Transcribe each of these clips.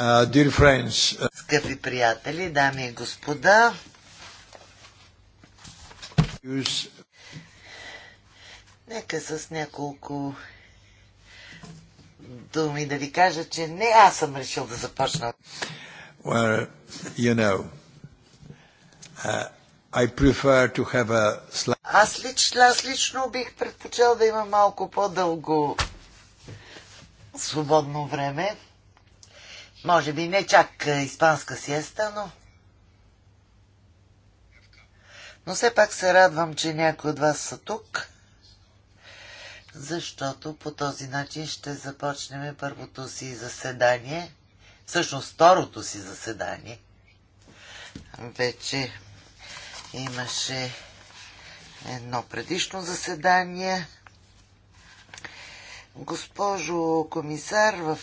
Uh, uh, Скъпи приятели, дами и господа, Use... нека с няколко думи да ви кажа, че не аз съм решил да започна. Well, you know, uh, I prefer to have a... аз, лично, аз лично бих предпочел да има малко по-дълго свободно време. Може би не чак е, испанска сиеста, но... Но все пак се радвам, че някои от вас са тук, защото по този начин ще започнем първото си заседание, всъщност второто си заседание. Вече имаше едно предишно заседание, Госпожо комисар, в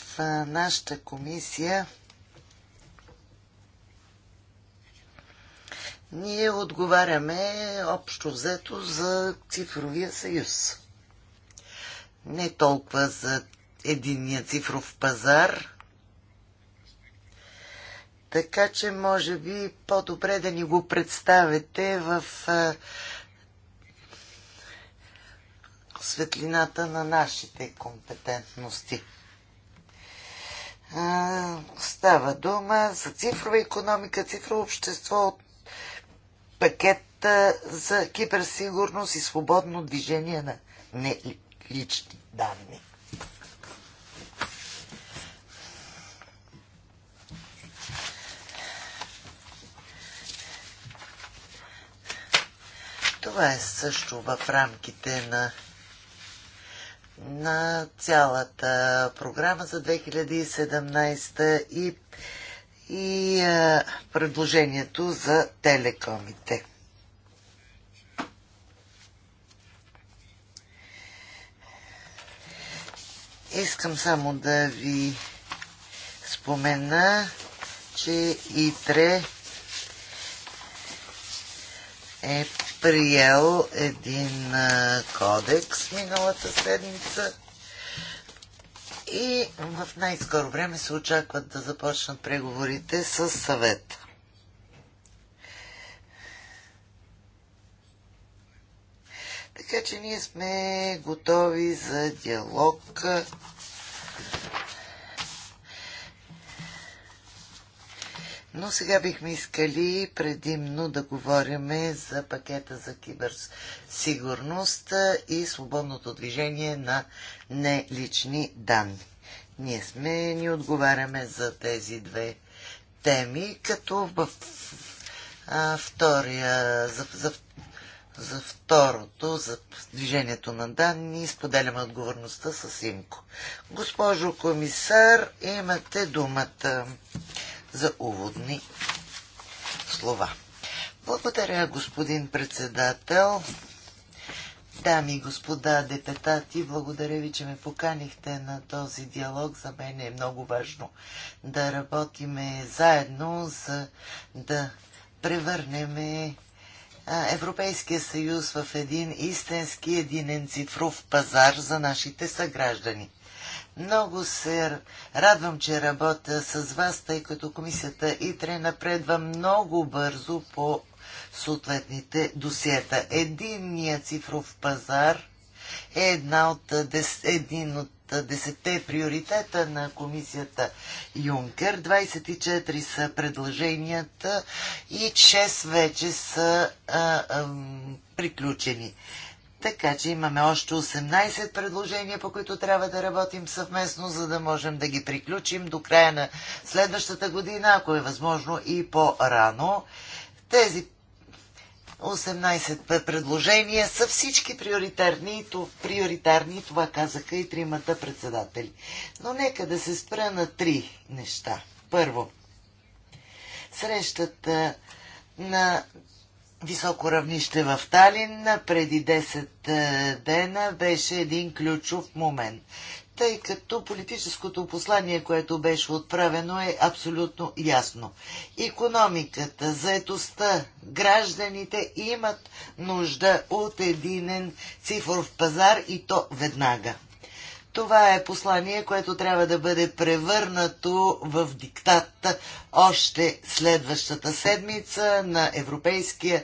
нашата комисия ние отговаряме общо взето за цифровия съюз. Не толкова за единния цифров пазар, така че може би по-добре да ни го представите в светлината на нашите компетентности. А, става дума за цифрова економика, цифрово общество, пакет за киберсигурност и свободно движение на нелични данни. Това е също в рамките на на цялата програма за 2017 и, и а, предложението за телекомите. Искам само да ви спомена, че ИТРЕ е приел един кодекс миналата седмица и в най-скоро време се очакват да започнат преговорите с съвета. Така че ние сме готови за диалог Но сега бихме искали предимно да говорим за пакета за киберсигурност и свободното движение на нелични данни. Ние сме, ни отговаряме за тези две теми, като в а, втория, за, за, за второто, за движението на данни, споделяме отговорността с Имко. Госпожо комисар, имате думата за уводни слова. Благодаря, господин председател. Дами и господа депутати, благодаря ви, че ме поканихте на този диалог. За мен е много важно да работиме заедно, за да превърнем Европейския съюз в един истински единен цифров пазар за нашите съграждани. Много се радвам, че работя с вас, тъй като комисията ИТРЕ напредва много бързо по съответните досиета. Единният цифров пазар е една от, един от десетте приоритета на комисията Юнкер. 24 са предложенията и 6 вече са а, а, приключени. Така че имаме още 18 предложения, по които трябва да работим съвместно, за да можем да ги приключим до края на следващата година, ако е възможно и по-рано. Тези 18 предложения са всички приоритарни, то, приоритарни, това казаха и тримата председатели. Но нека да се спра на три неща. Първо, срещата на високо равнище в Талин преди 10 е, дена беше един ключов момент, тъй като политическото послание, което беше отправено е абсолютно ясно. Економиката, заетостта, гражданите имат нужда от единен цифров пазар и то веднага. Това е послание, което трябва да бъде превърнато в диктат още следващата седмица на Европейския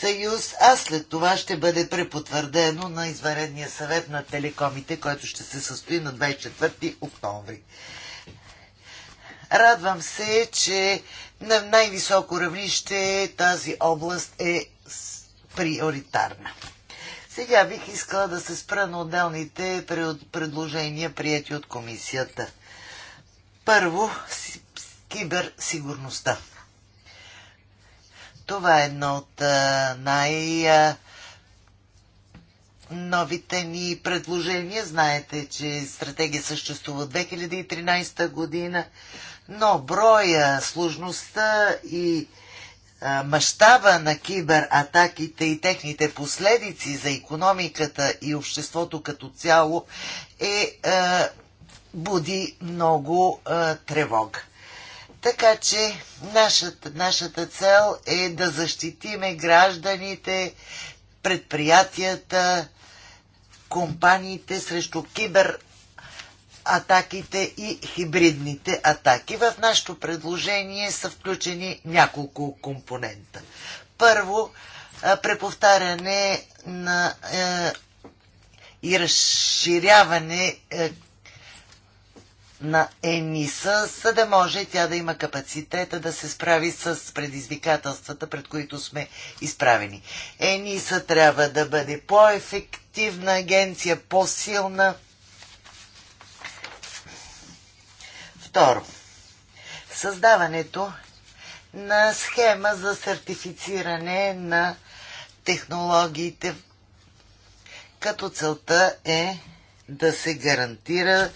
съюз, а след това ще бъде препотвърдено на изваредния съвет на телекомите, който ще се състои на 24 октомври. Радвам се, че на най-високо равнище тази област е приоритарна. Сега бих искала да се спра на отделните предложения, прияти от комисията. Първо, киберсигурността. Това е едно от най- новите ни предложения. Знаете, че стратегия съществува 2013 година, но броя, сложността и мащаба на кибератаките и техните последици за економиката и обществото като цяло е, е буди много е, тревога. Така че нашата, нашата цел е да защитиме гражданите, предприятията, компаниите срещу кибер атаките и хибридните атаки. В нашето предложение са включени няколко компонента. Първо, преповтаряне на е, и разширяване е, на ЕНИСА, за да може тя да има капацитета да се справи с предизвикателствата, пред които сме изправени. ЕНИСА трябва да бъде по-ефективна агенция, по-силна Второ, създаването на схема за сертифициране на технологиите, като целта е да се гарантира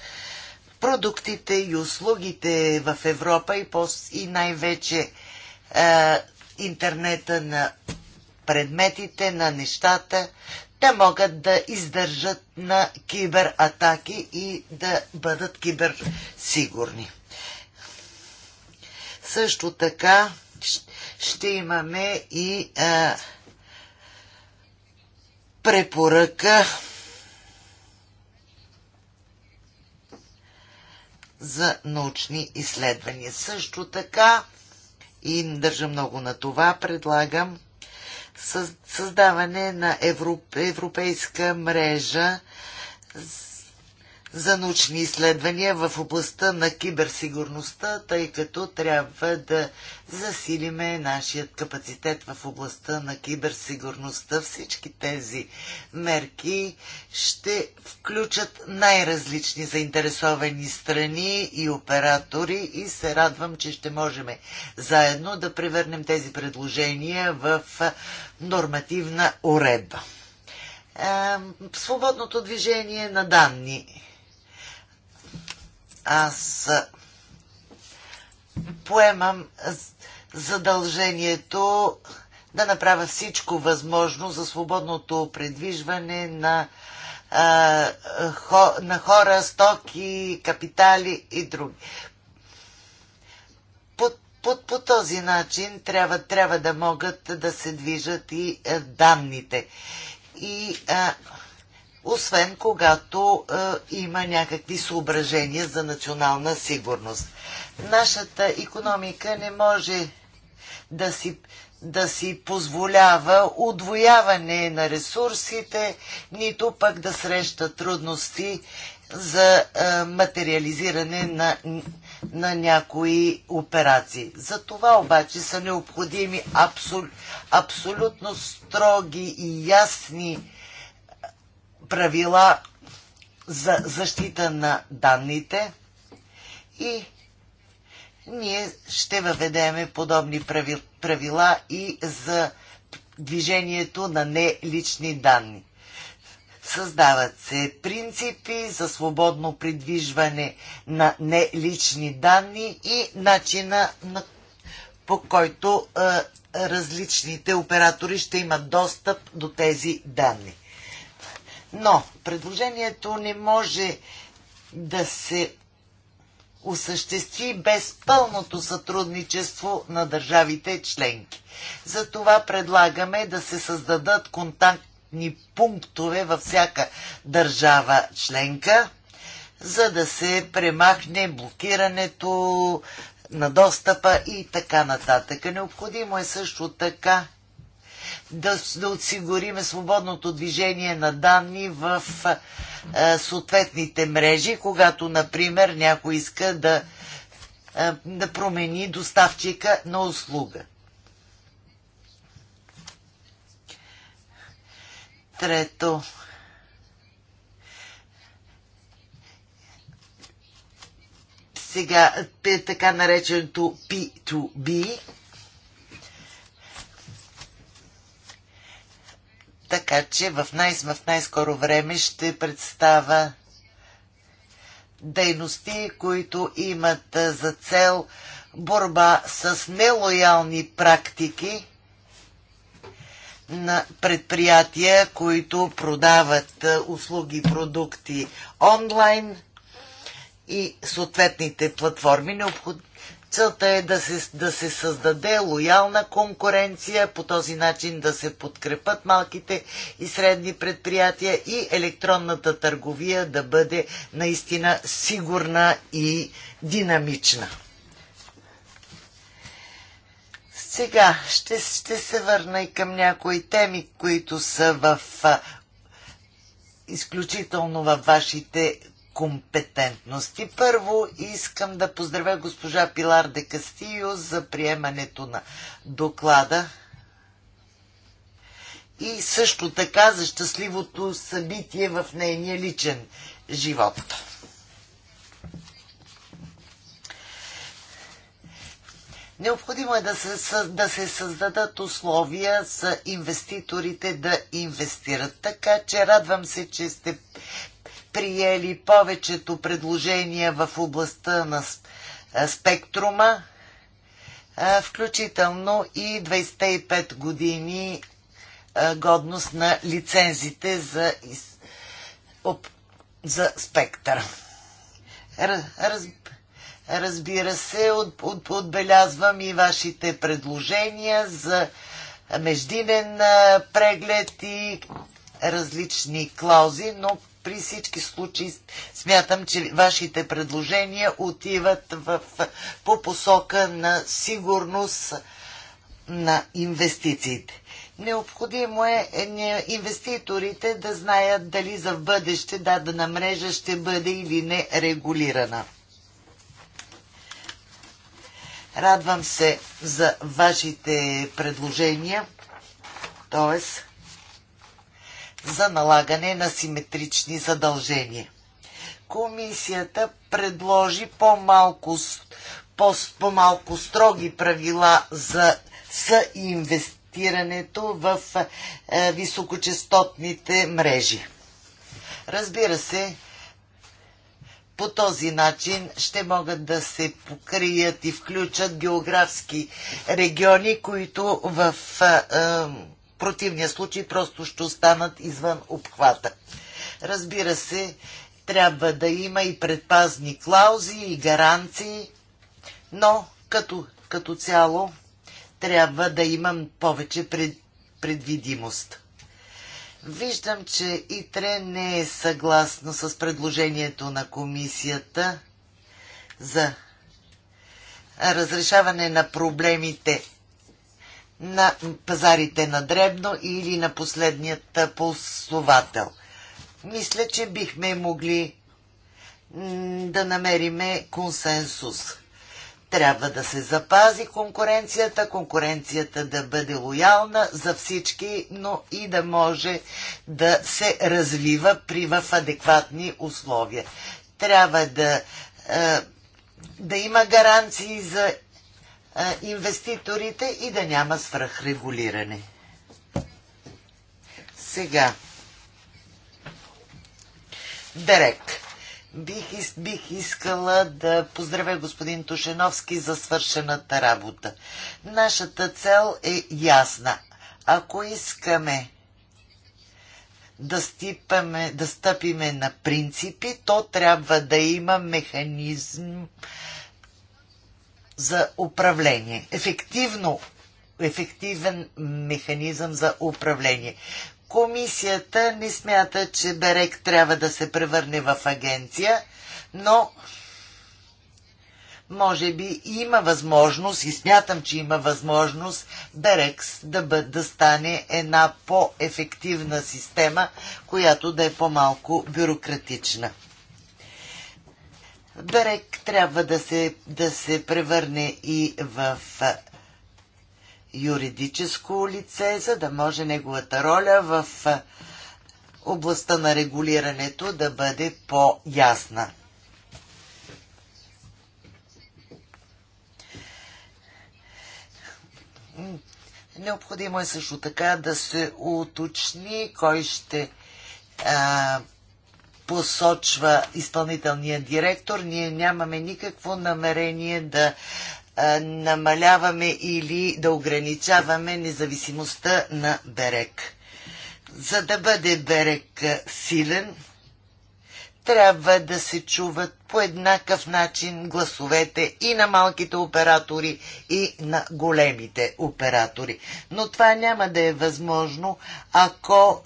продуктите и услугите в Европа и, и най-вече е, интернета на предметите, на нещата да могат да издържат на кибератаки и да бъдат киберсигурни. Също така ще имаме и а, препоръка за научни изследвания. Също така и държа много на това, предлагам създаване на европейска мрежа за научни изследвания в областта на киберсигурността, тъй като трябва да засилиме нашият капацитет в областта на киберсигурността. Всички тези мерки ще включат най-различни заинтересовани страни и оператори и се радвам, че ще можем заедно да превърнем тези предложения в нормативна уредба свободното движение на данни аз поемам задължението да направя всичко възможно за свободното предвижване на, на хора, стоки, капитали и други. По, по, по този начин трябва, трябва да могат да се движат и е, данните. И а, освен когато е, има някакви съображения за национална сигурност. Нашата економика не може да си, да си позволява удвояване на ресурсите, нито пък да среща трудности за е, материализиране на, на някои операции. За това обаче са необходими абсол, абсолютно строги и ясни правила за защита на данните и ние ще въведеме подобни правила и за движението на нелични данни. Създават се принципи за свободно придвижване на нелични данни и начина на, по който различните оператори ще имат достъп до тези данни. Но предложението не може да се осъществи без пълното сътрудничество на държавите членки. Затова предлагаме да се създадат контактни пунктове във всяка държава членка, за да се премахне блокирането на достъпа и така нататък. Необходимо е също така да, да отсигуриме свободното движение на данни в а, съответните мрежи, когато, например, някой иска да, а, да промени доставчика на услуга. Трето. Сега е, така нареченото P2B Така че в, най- в най-скоро време ще представя дейности, които имат за цел борба с нелоялни практики на предприятия, които продават услуги, продукти онлайн и съответните платформи. Необход... Целта е да се, да се създаде лоялна конкуренция, по този начин да се подкрепат малките и средни предприятия и електронната търговия да бъде наистина сигурна и динамична. Сега ще, ще се върна и към някои теми, които са в изключително във вашите компетентности. Първо искам да поздравя госпожа Пилар де Кастио за приемането на доклада и също така за щастливото събитие в нейния личен живот. Необходимо е да се, да се създадат условия за инвеститорите да инвестират. Така че радвам се, че сте приели повечето предложения в областта на спектрума, включително и 25 години годност на лицензите за, за спектър. Раз, разбира се, от, от, отбелязвам и вашите предложения за междинен преглед и различни клаузи, но при всички случаи смятам, че вашите предложения отиват в, по посока на сигурност на инвестициите. Необходимо е, е инвеститорите да знаят дали за в бъдеще дадена мрежа ще бъде или не регулирана. Радвам се за вашите предложения, т.е за налагане на симетрични задължения. Комисията предложи по-малко, по, малко по малко строги правила за съинвестирането в е, високочастотните мрежи. Разбира се, по този начин ще могат да се покрият и включат географски региони, които в е, е противния случай просто ще останат извън обхвата. Разбира се, трябва да има и предпазни клаузи и гаранции, но като, като цяло трябва да имам повече пред, предвидимост. Виждам, че ИТРЕ не е съгласно с предложението на комисията за разрешаване на проблемите на пазарите на дребно или на последният пулсовател. Мисля, че бихме могли да намериме консенсус. Трябва да се запази конкуренцията, конкуренцията да бъде лоялна за всички, но и да може да се развива при в адекватни условия. Трябва да, е, да има гаранции за инвеститорите и да няма свръхрегулиране. Сега. Дерек. Бих, бих искала да поздравя господин Тушеновски за свършената работа. Нашата цел е ясна. Ако искаме да, стипаме, да стъпиме на принципи, то трябва да има механизъм за управление. Ефективно, ефективен механизъм за управление. Комисията не смята, че Берек трябва да се превърне в агенция, но може би има възможност и смятам, че има възможност Берекс да, бъ, да стане една по-ефективна система, която да е по-малко бюрократична. Берек трябва да се, да се превърне и в юридическо лице, за да може неговата роля в областта на регулирането да бъде по-ясна. Необходимо е също така да се уточни кой ще а, посочва изпълнителния директор. Ние нямаме никакво намерение да намаляваме или да ограничаваме независимостта на Берек. За да бъде Берек силен, трябва да се чуват по еднакъв начин гласовете и на малките оператори, и на големите оператори. Но това няма да е възможно, ако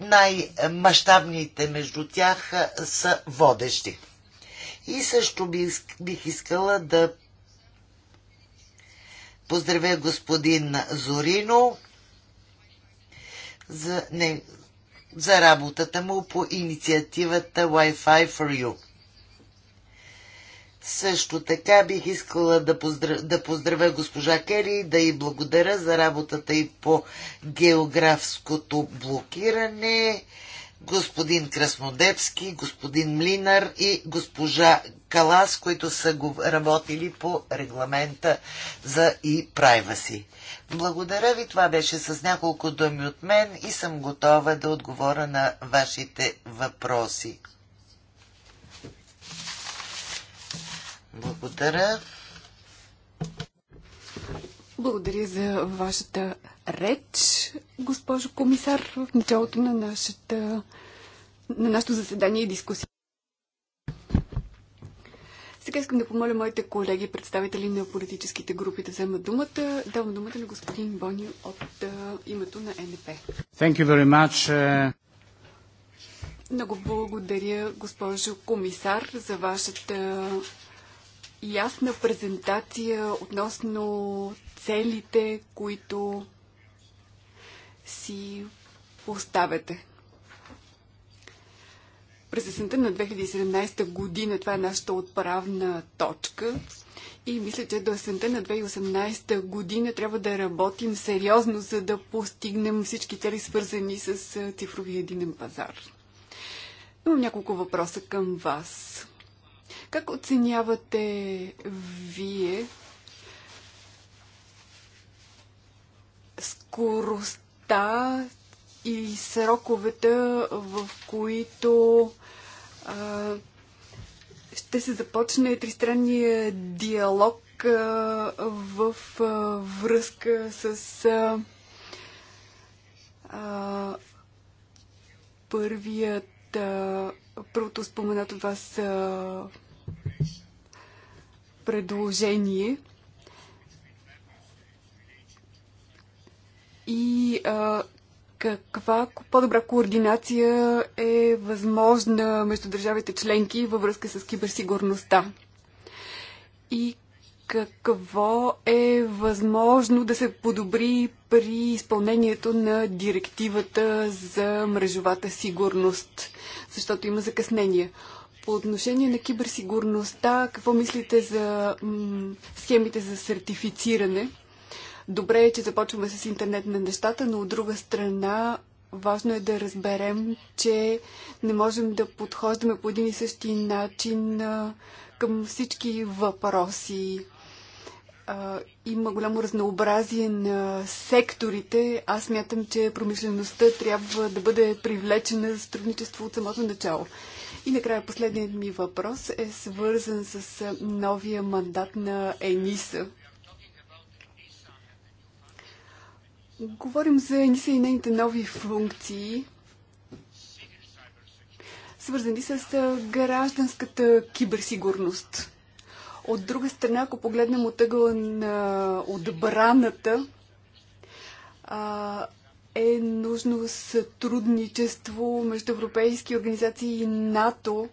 най-мащабните между тях са водещи. И също бих, бих искала да поздравя господин Зорино за, не, за работата му по инициативата Wi-Fi for You. Също така бих искала да поздравя, да поздравя госпожа Кери, да й благодаря за работата и по географското блокиране господин Краснодепски, господин Млинар и госпожа Калас, които са го работили по регламента за и прайва си. Благодаря ви, това беше с няколко думи от мен и съм готова да отговоря на вашите въпроси. Благодаря. Благодаря за вашата реч, госпожо комисар, в началото на, нашата, на нашето заседание и дискусия. Сега искам да помоля моите колеги, представители на политическите групи да вземат думата. Давам думата на господин Бони от а, името на НП. Thank you very much. Uh, Много благодаря, госпожо комисар, за вашата ясна презентация относно целите, които си оставете. През есента на 2017 година това е нашата отправна точка и мисля, че до есента на 2018 година трябва да работим сериозно, за да постигнем всички цели, свързани с цифровия единен пазар. Имам няколко въпроса към вас. Как оценявате вие скоростта яснота и сроковете, в които а, ще се започне тристранния диалог а, в а, връзка с а, а, първият, а, първото споменат от вас а, предложение – и а, каква по-добра координация е възможна между държавите членки във връзка с киберсигурността? И какво е възможно да се подобри при изпълнението на директивата за мрежовата сигурност, защото има закъснение. По отношение на киберсигурността, какво мислите за схемите за сертифициране? Добре е, че започваме с интернет на нещата, но от друга страна важно е да разберем, че не можем да подхождаме по един и същи начин към всички въпроси. Има голямо разнообразие на секторите. Аз мятам, че промишлеността трябва да бъде привлечена за сътрудничество от самото начало. И накрая последният ми въпрос е свързан с новия мандат на ЕНИСА, Говорим за НИСА и нейните нови функции, свързани с гражданската киберсигурност. От друга страна, ако погледнем от ъгъла на отбраната, е нужно сътрудничество между европейски организации и НАТО,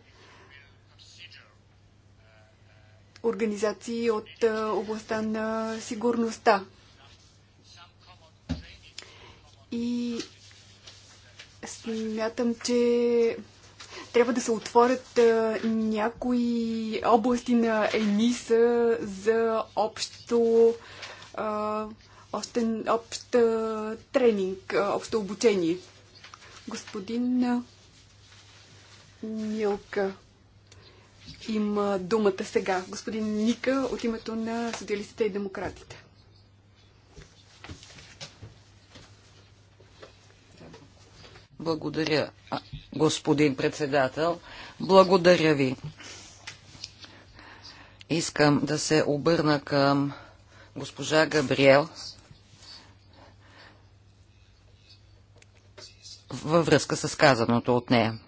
организации от областта на сигурността. И смятам, че трябва да се отворят а, някои области на ЕНИСА за общо а, остен, общ а, тренинг, а, общо обучение. Господин Милка има думата сега. Господин Ника от името на социалистите и демократите. Благодаря, господин председател. Благодаря ви. Искам да се обърна към госпожа Габриел във връзка с казаното от нея.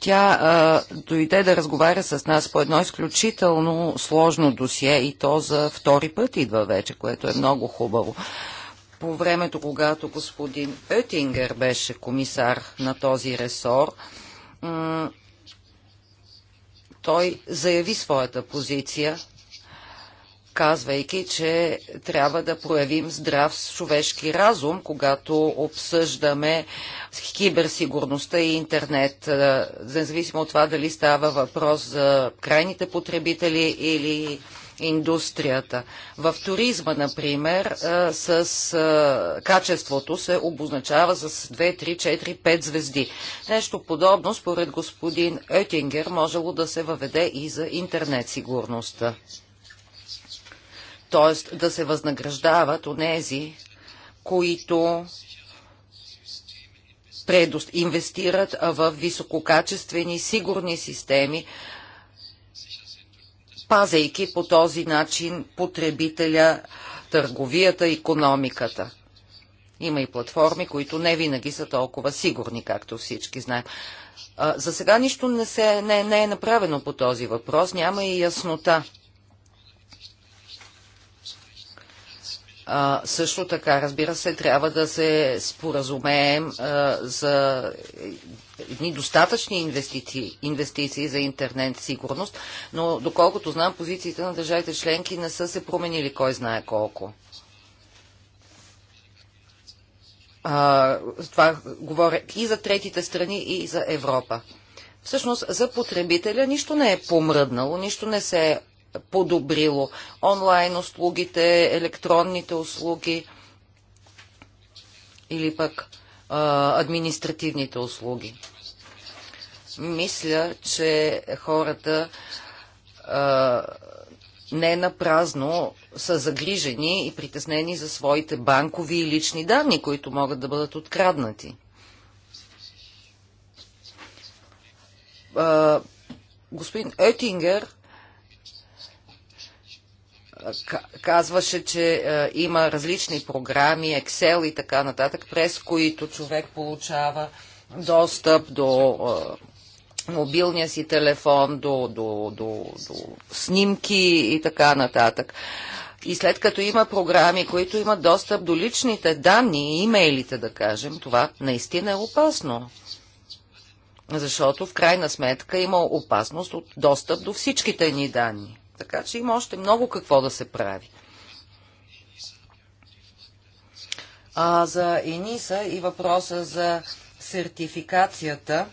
Тя а, дойде да разговаря с нас по едно изключително сложно досие и то за втори път идва вече, което е много хубаво по времето, когато господин Оетингер беше комисар на този ресор, той заяви своята позиция, казвайки, че трябва да проявим здрав човешки разум, когато обсъждаме киберсигурността и интернет, е, независимо от това дали става въпрос за крайните потребители или индустрията. В туризма, например, с качеството се обозначава с 2, 3, 4, 5 звезди. Нещо подобно, според господин Етингер, можело да се въведе и за интернет сигурността. Тоест да се възнаграждават онези, които предост, инвестират в висококачествени, сигурни системи, пазейки по този начин потребителя, търговията, економиката. Има и платформи, които не винаги са толкова сигурни, както всички знаем. за сега нищо не, се, не, не е направено по този въпрос, няма и яснота. А, също така, разбира се, трябва да се споразумеем а, за Едни достатъчни инвестиции, инвестиции за интернет сигурност, но доколкото знам, позициите на държавите членки не са се променили кой знае колко. А, това говоря и за третите страни, и за Европа. Всъщност за потребителя нищо не е помръднало, нищо не се е подобрило. Онлайн услугите, електронните услуги или пък административните услуги. Мисля, че хората не на празно са загрижени и притеснени за своите банкови и лични данни, които могат да бъдат откраднати. господин Етингер казваше, че е, има различни програми, Excel и така нататък, през които човек получава достъп до е, мобилния си телефон, до, до, до, до снимки и така нататък. И след като има програми, които имат достъп до личните данни и имейлите, да кажем, това наистина е опасно. Защото в крайна сметка има опасност от достъп до всичките ни данни. Така че има още много какво да се прави. А за ЕНИСА и въпроса за сертификацията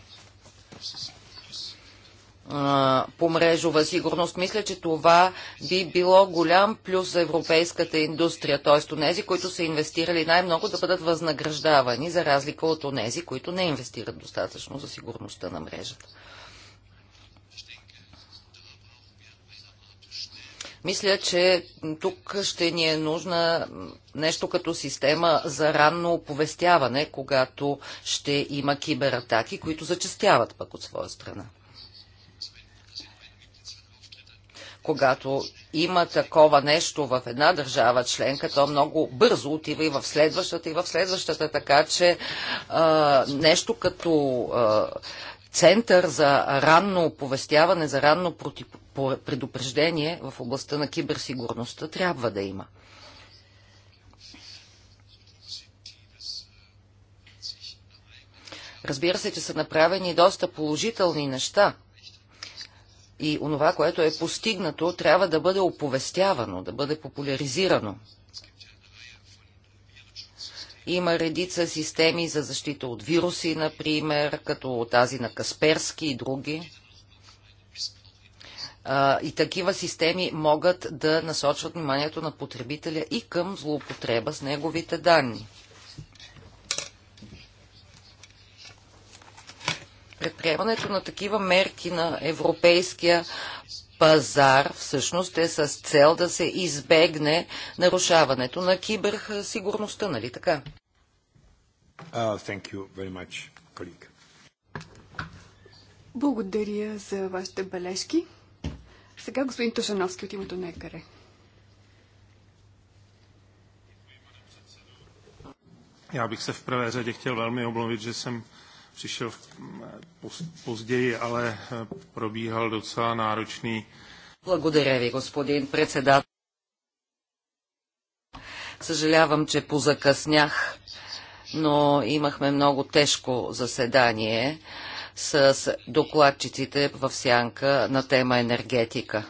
а, по мрежова сигурност. Мисля, че това би било голям плюс за европейската индустрия, т.е. онези, които са инвестирали най-много да бъдат възнаграждавани, за разлика от онези, които не инвестират достатъчно за сигурността на мрежата. Мисля, че тук ще ни е нужна нещо като система за ранно оповестяване, когато ще има кибератаки, които зачастяват пък от своя страна. Когато има такова нещо в една държава членка, то много бързо отива и в следващата, и в следващата, така че а, нещо като а, център за ранно оповестяване, за ранно предупреждение в областта на киберсигурността трябва да има. Разбира се, че са направени доста положителни неща и онова, което е постигнато, трябва да бъде оповестявано, да бъде популяризирано. Има редица системи за защита от вируси, например, като тази на Касперски и други. И такива системи могат да насочват вниманието на потребителя и към злоупотреба с неговите данни. Предприемането на такива мерки на Европейския пазар всъщност е с цел да се избегне нарушаването на киберсигурността, нали така? Uh, much, Благодаря за вашите бележки. Сега господин Тошановски от името на ЕКАРЕ. Já bych se v prvé řadě chtěl velmi omluvit, že jsem přišel eh, později, ale eh, probíhal docela náročný. Благодаря ви, господин председател. Съжалявам, че позакъснях, но имахме много тежко заседание с докладчиците в сянка на тема енергетика.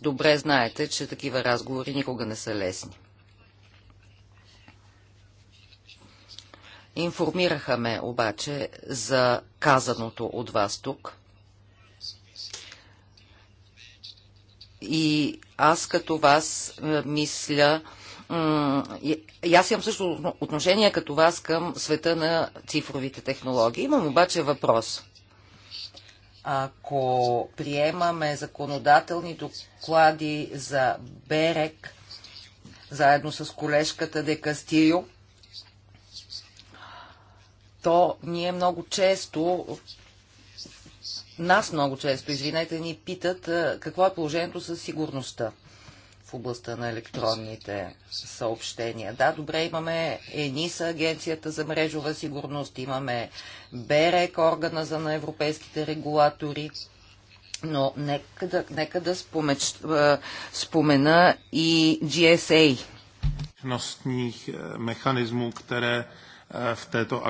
Добре знаете, че такива разговори никога не са лесни. Информираха ме обаче за казаното от вас тук. И аз като вас е, мисля, и аз имам също отношение като вас към света на цифровите технологии. Имам обаче въпрос. Ако приемаме законодателни доклади за Берек, заедно с колежката Де Кастио, то ние много често нас много често, извинете, ни питат какво е положението с сигурността в областта на електронните съобщения. Да, добре, имаме ЕНИСА, Агенцията за мрежова сигурност, имаме БЕРЕК, органа за на европейските регулатори, но нека да, нека да спомеч, спомена и GSA. Е, механизму, které této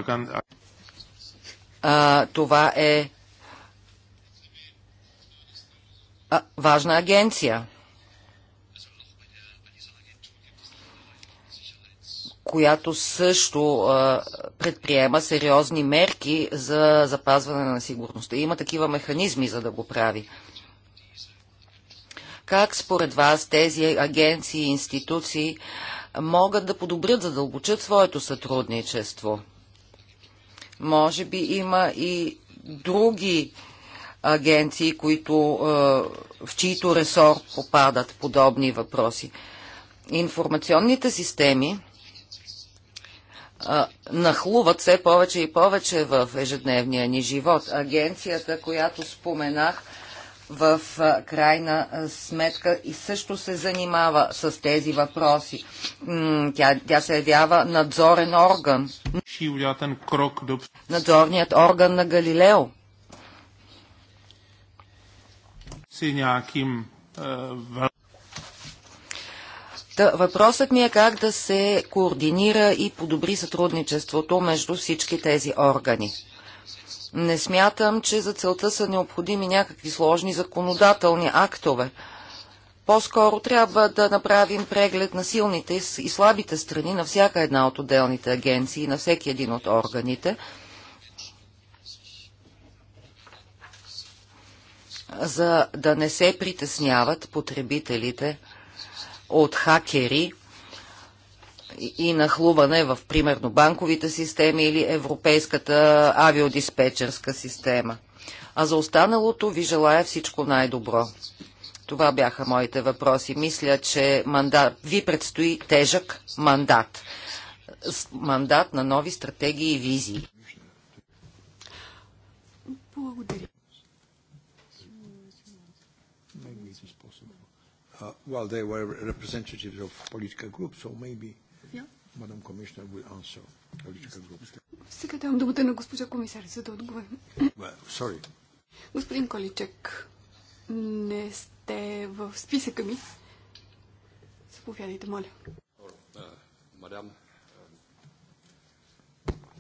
Това е важна агенция, която също предприема сериозни мерки за запазване на сигурността. Има такива механизми, за да го прави. Как според вас тези агенции и институции могат да подобрят, задълбочат своето сътрудничество. Може би има и други агенции, които, в чието ресор попадат подобни въпроси. Информационните системи нахлуват все повече и повече в ежедневния ни живот. Агенцията, която споменах, в крайна сметка и също се занимава с тези въпроси. Тя, тя се явява надзорен орган. Надзорният орган на Галилео. Е, Та, въпросът ми е как да се координира и подобри сътрудничеството между всички тези органи. Не смятам, че за целта са необходими някакви сложни законодателни актове. По-скоро трябва да направим преглед на силните и слабите страни на всяка една от отделните агенции, на всеки един от органите, за да не се притесняват потребителите от хакери, и нахлуване в примерно банковите системи или европейската авиодиспетчерска система. А за останалото ви желая всичко най-добро. Това бяха моите въпроси. Мисля, че мандат, ви предстои тежък мандат. Мандат на нови стратегии и визии. Благодаря. Uh, well, they were representatives of political groups, so maybe Madam Commissioner will answer political groups. Сега давам думата на госпожа комисар, за да отговори. Well, sorry. Господин Количек, не сте в списъка ми. Заповядайте, моля. Мадам,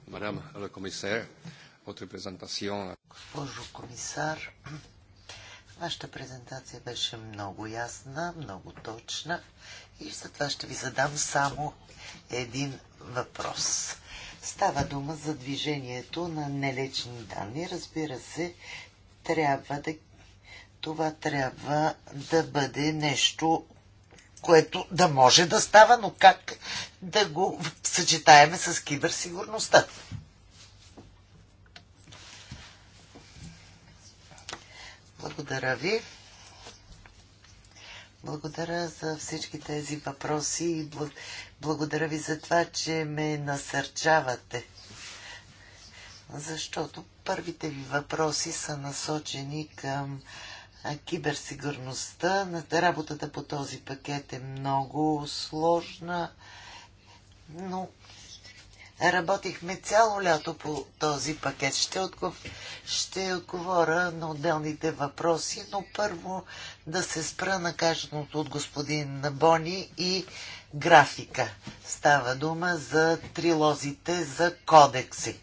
мадам комисар, от репрезентациона. Госпожо комисар, вашата презентация беше много ясна, много точна и за това ще ви задам само един въпрос. Става дума за движението на нелечни данни. Разбира се, трябва да... това трябва да бъде нещо, което да може да става, но как да го съчетаеме с киберсигурността? Благодаря ви. Благодаря за всички тези въпроси и благодаря ви за това, че ме насърчавате. Защото първите ви въпроси са насочени към киберсигурността. Работата по този пакет е много сложна, но Работихме цяло лято по този пакет. Ще, отгов... ще отговоря на отделните въпроси, но първо да се спра на каженото от господин Бони и графика. Става дума за трилозите за кодекси.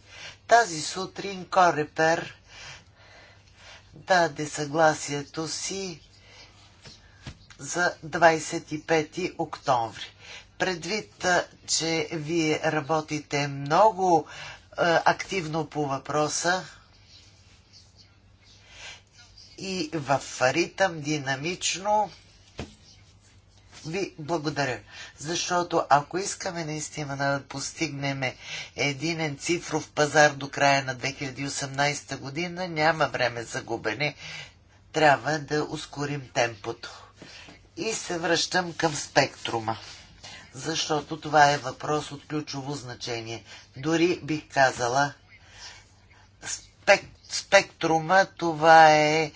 Тази сутрин Корепер даде съгласието си за 25 октомври предвид, че вие работите много активно по въпроса и в ритъм, динамично, ви благодаря. Защото ако искаме наистина да постигнем един цифров пазар до края на 2018 година, няма време за губене. Трябва да ускорим темпото. И се връщам към спектрума защото това е въпрос от ключово значение. Дори бих казала, спек, спектрума това е, е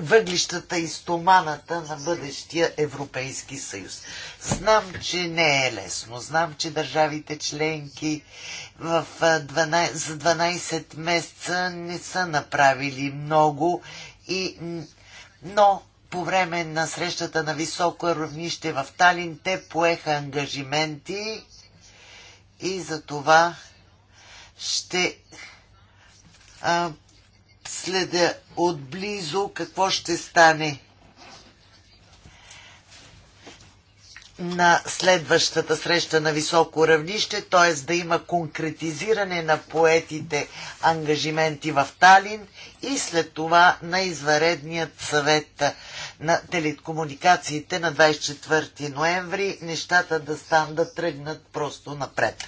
въглищата и стоманата на бъдещия Европейски съюз. Знам, че не е лесно. Знам, че държавите членки в 12, е, за 12 месеца не са направили много, и, но по време на срещата на високо равнище в Талин те поеха ангажименти и за това ще а, следя отблизо какво ще стане на следващата среща на високо равнище, т.е. да има конкретизиране на поетите ангажименти в Талин и след това на изваредният съвет на телекомуникациите на 24 ноември нещата да, стан, да тръгнат просто напред.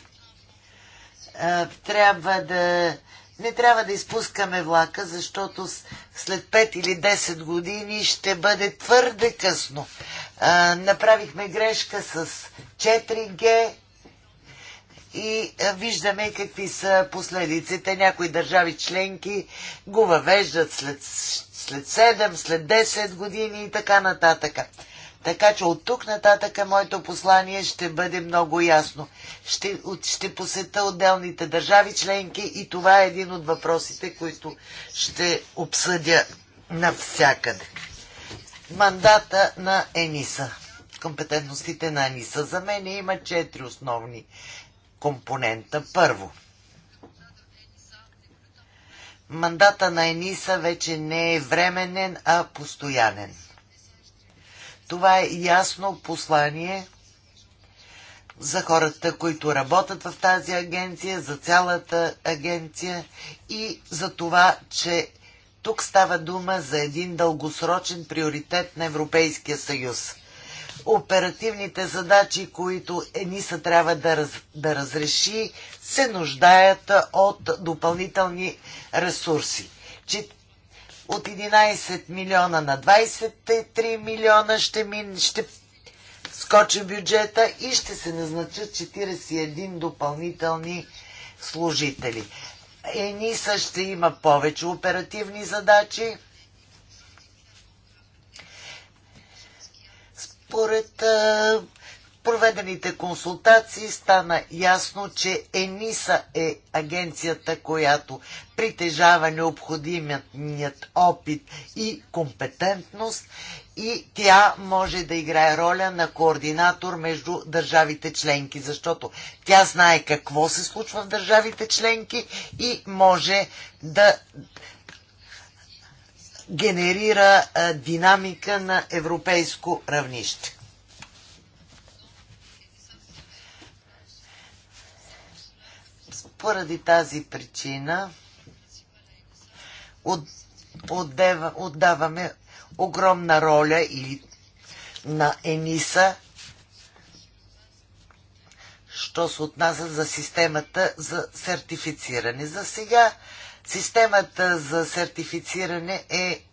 Е, трябва да не трябва да изпускаме влака, защото след 5 или 10 години ще бъде твърде късно направихме грешка с 4G и виждаме какви са последиците. Някои държави членки го въвеждат след, след 7, след 10 години и така нататък. Така че от тук нататък моето послание ще бъде много ясно. Ще, ще посета отделните държави членки и това е един от въпросите, които ще обсъдя навсякъде мандата на ЕНИСА, компетентностите на ЕНИСА. За мен има четири основни компонента. Първо, мандата на ЕНИСА вече не е временен, а постоянен. Това е ясно послание за хората, които работят в тази агенция, за цялата агенция и за това, че тук става дума за един дългосрочен приоритет на Европейския съюз. Оперативните задачи, които ЕНИСА трябва да, раз, да разреши, се нуждаят от допълнителни ресурси. Че от 11 милиона на 23 милиона ще, мин, ще скочи бюджета и ще се назначат 41 допълнителни служители. ЕНИСА ще има повече оперативни задачи. Според проведените консултации стана ясно, че ЕНИСА е агенцията, която притежава необходимият опит и компетентност и тя може да играе роля на координатор между държавите членки, защото тя знае какво се случва в държавите членки и може да генерира динамика на европейско равнище. Поради тази причина от, отдева, отдаваме огромна роля и на ЕНИСА, що се отнася за системата за сертифициране. За сега системата за сертифициране е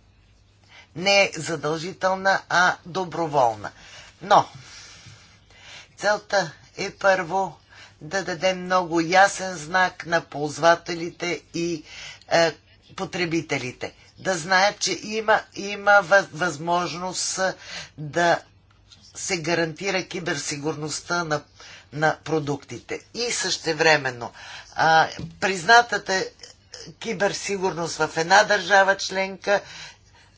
не е задължителна, а доброволна. Но целта е първо да даде много ясен знак на ползвателите и е, потребителите. Да знаят, че има, има възможност е, да се гарантира киберсигурността на, на продуктите. И същевременно, а, признатата киберсигурност в една държава членка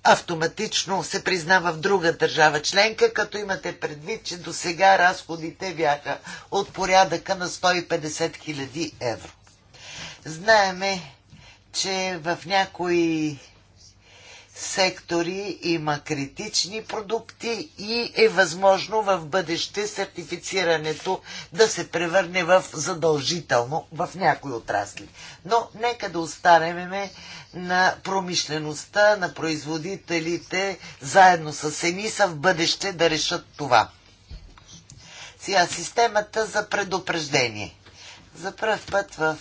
автоматично се признава в друга държава членка, като имате предвид, че до сега разходите бяха от порядъка на 150 000 евро. Знаеме, че в някои сектори има критични продукти и е възможно в бъдеще сертифицирането да се превърне в задължително в някои отрасли. Но нека да останеме на промишлеността, на производителите, заедно с ЕНИСА в бъдеще да решат това. Сега системата за предупреждение. За първ път в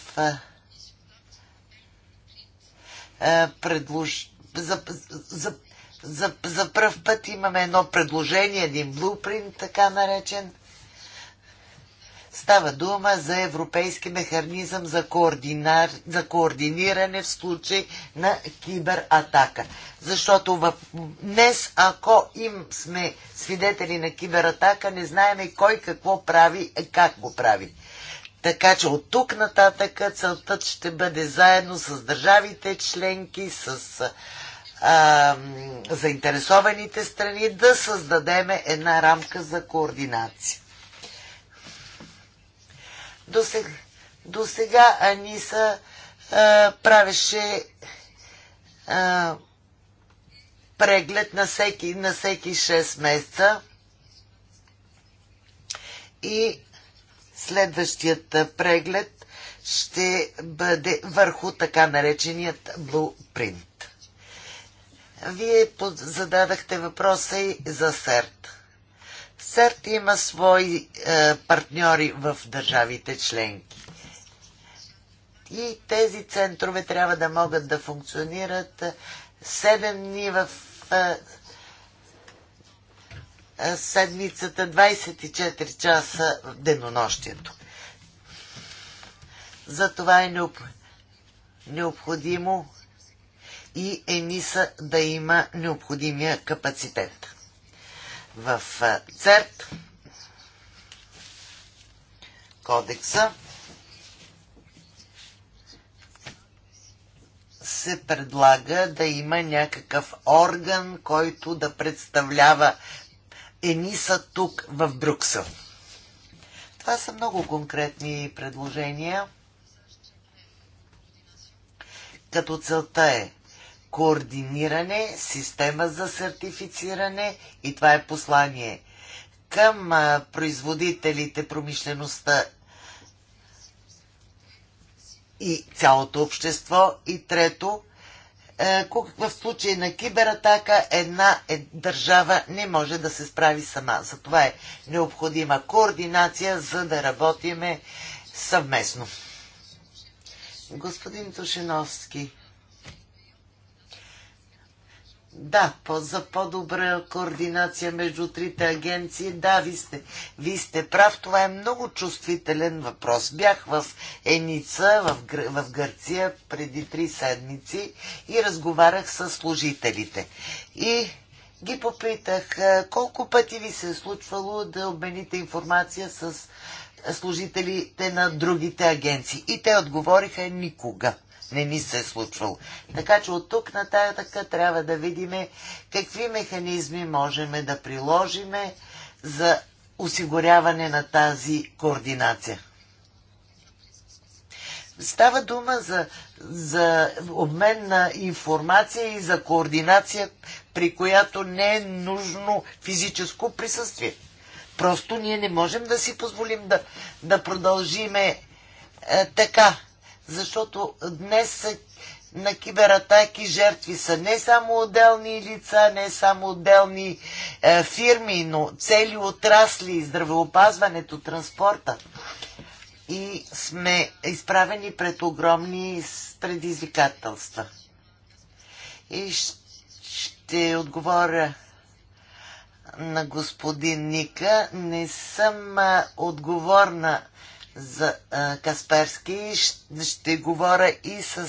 предлож за, за, за, за първ път имаме едно предложение, един блупринт, така наречен. Става дума за европейски механизъм за, координар, за координиране в случай на кибератака. Защото в... днес, ако им сме свидетели на кибератака, не знаем кой какво прави и е как го прави. Така че от тук нататък целта ще бъде заедно с държавите членки, с а, заинтересованите страни да създадеме една рамка за координация. До сега, до сега Аниса а, правеше а, преглед на всеки, на всеки 6 месеца и следващият преглед ще бъде върху така нареченият blueprint. Вие зададахте въпроса и за СЕРТ. СЕРТ има свои е, партньори в държавите членки. И тези центрове трябва да могат да функционират 7 дни в е, е седмицата, 24 часа в денонощието. Затова е необходимо и ЕНИСА да има необходимия капацитет. В ЦЕРТ кодекса се предлага да има някакъв орган, който да представлява ЕНИСА тук в Брюксел. Това са много конкретни предложения, като целта е координиране, система за сертифициране и това е послание към производителите, промишлеността и цялото общество. И трето, е, в случай на кибератака една е, държава не може да се справи сама. Затова е необходима координация, за да работиме съвместно. Господин Тушиновски, да, по, за по-добра координация между трите агенции. Да, ви сте, ви сте прав. Това е много чувствителен въпрос. Бях в Еница, в, в Гърция, преди три седмици и разговарях с служителите. И ги попитах колко пъти ви се е случвало да обмените информация с служителите на другите агенции. И те отговориха никога не ни се е случвало. Така че от тук нататък трябва да видим какви механизми можем да приложиме за осигуряване на тази координация. Става дума за, за обмен на информация и за координация, при която не е нужно физическо присъствие. Просто ние не можем да си позволим да, да продължиме е, така защото днес на кибератаки жертви са не само отделни лица, не само отделни е, фирми, но цели отрасли, здравеопазването, транспорта. И сме изправени пред огромни предизвикателства. И ще отговоря на господин Ника. Не съм отговорна за а, Касперски. Ще, ще говоря и с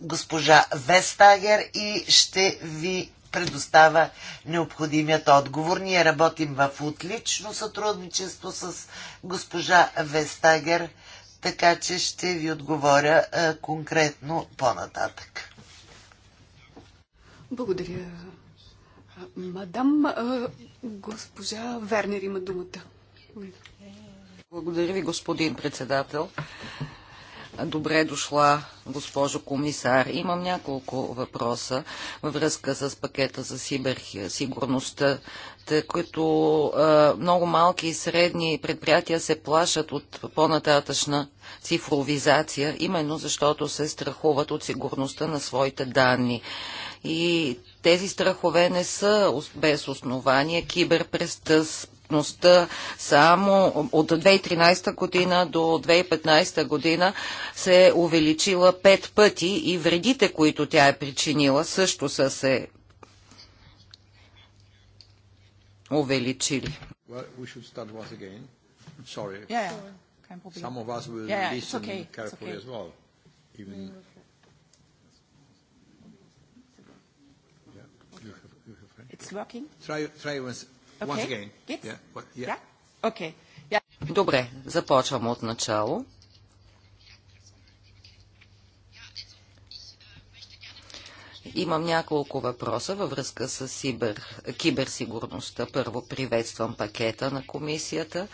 госпожа Вестагер и ще ви предоставя необходимият отговор. Ние работим в отлично сътрудничество с госпожа Вестагер, така че ще ви отговоря а, конкретно по-нататък. Благодаря. Мадам, госпожа Вернер има думата. Благодаря ви, господин председател. Добре дошла, госпожо комисар. Имам няколко въпроса във връзка с пакета за сигурността, тъй като много малки и средни предприятия се плашат от по-нататъчна цифровизация, именно защото се страхуват от сигурността на своите данни. И тези страхове не са без основание. Киберпрестъс престъпността само от 2013 година до 2015 година се е увеличила пет пъти и вредите, които тя е причинила, също са се увеличили. Try, try once. Добре, започвам от начало. Имам няколко въпроса във връзка с кибер, киберсигурността. Първо приветствам пакета на комисията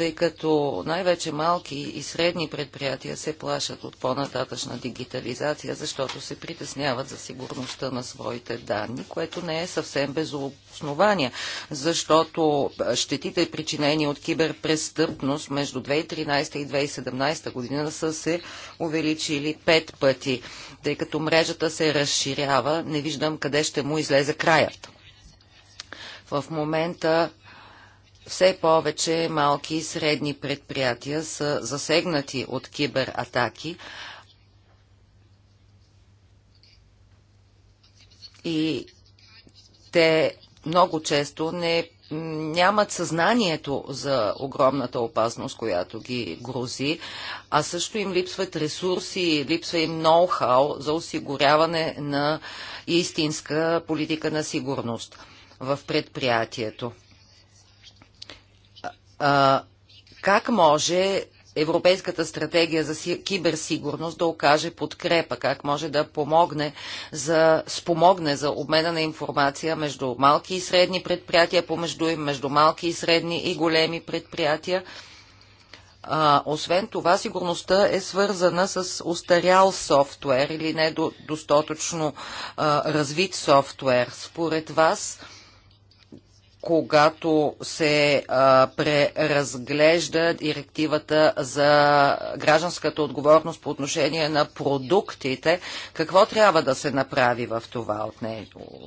тъй като най-вече малки и средни предприятия се плашат от по-нататъчна дигитализация, защото се притесняват за сигурността на своите данни, което не е съвсем без основания, защото щетите, причинени от киберпрестъпност между 2013 и 2017 година са се увеличили пет пъти. Тъй като мрежата се разширява, не виждам къде ще му излезе краят. В момента все повече малки и средни предприятия са засегнати от кибератаки и те много често не нямат съзнанието за огромната опасност, която ги грози, а също им липсват ресурси, липсва им ноу-хау за осигуряване на истинска политика на сигурност в предприятието а, как може Европейската стратегия за киберсигурност да окаже подкрепа, как може да помогне за, спомогне за обмена на информация между малки и средни предприятия, помежду им между малки и средни и големи предприятия. А, освен това, сигурността е свързана с устарял софтуер или недостатъчно развит софтуер. Според вас, а, когато се а, преразглежда директивата за гражданската отговорност по отношение на продуктите, какво трябва да се направи в това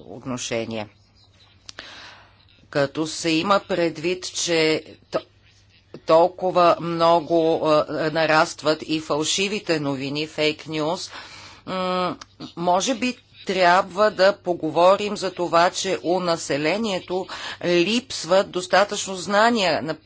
отношение? Като се има предвид, че толкова много а, нарастват и фалшивите новини, фейк нюз, може би трябва да поговорим за това, че у населението липсват достатъчно знания.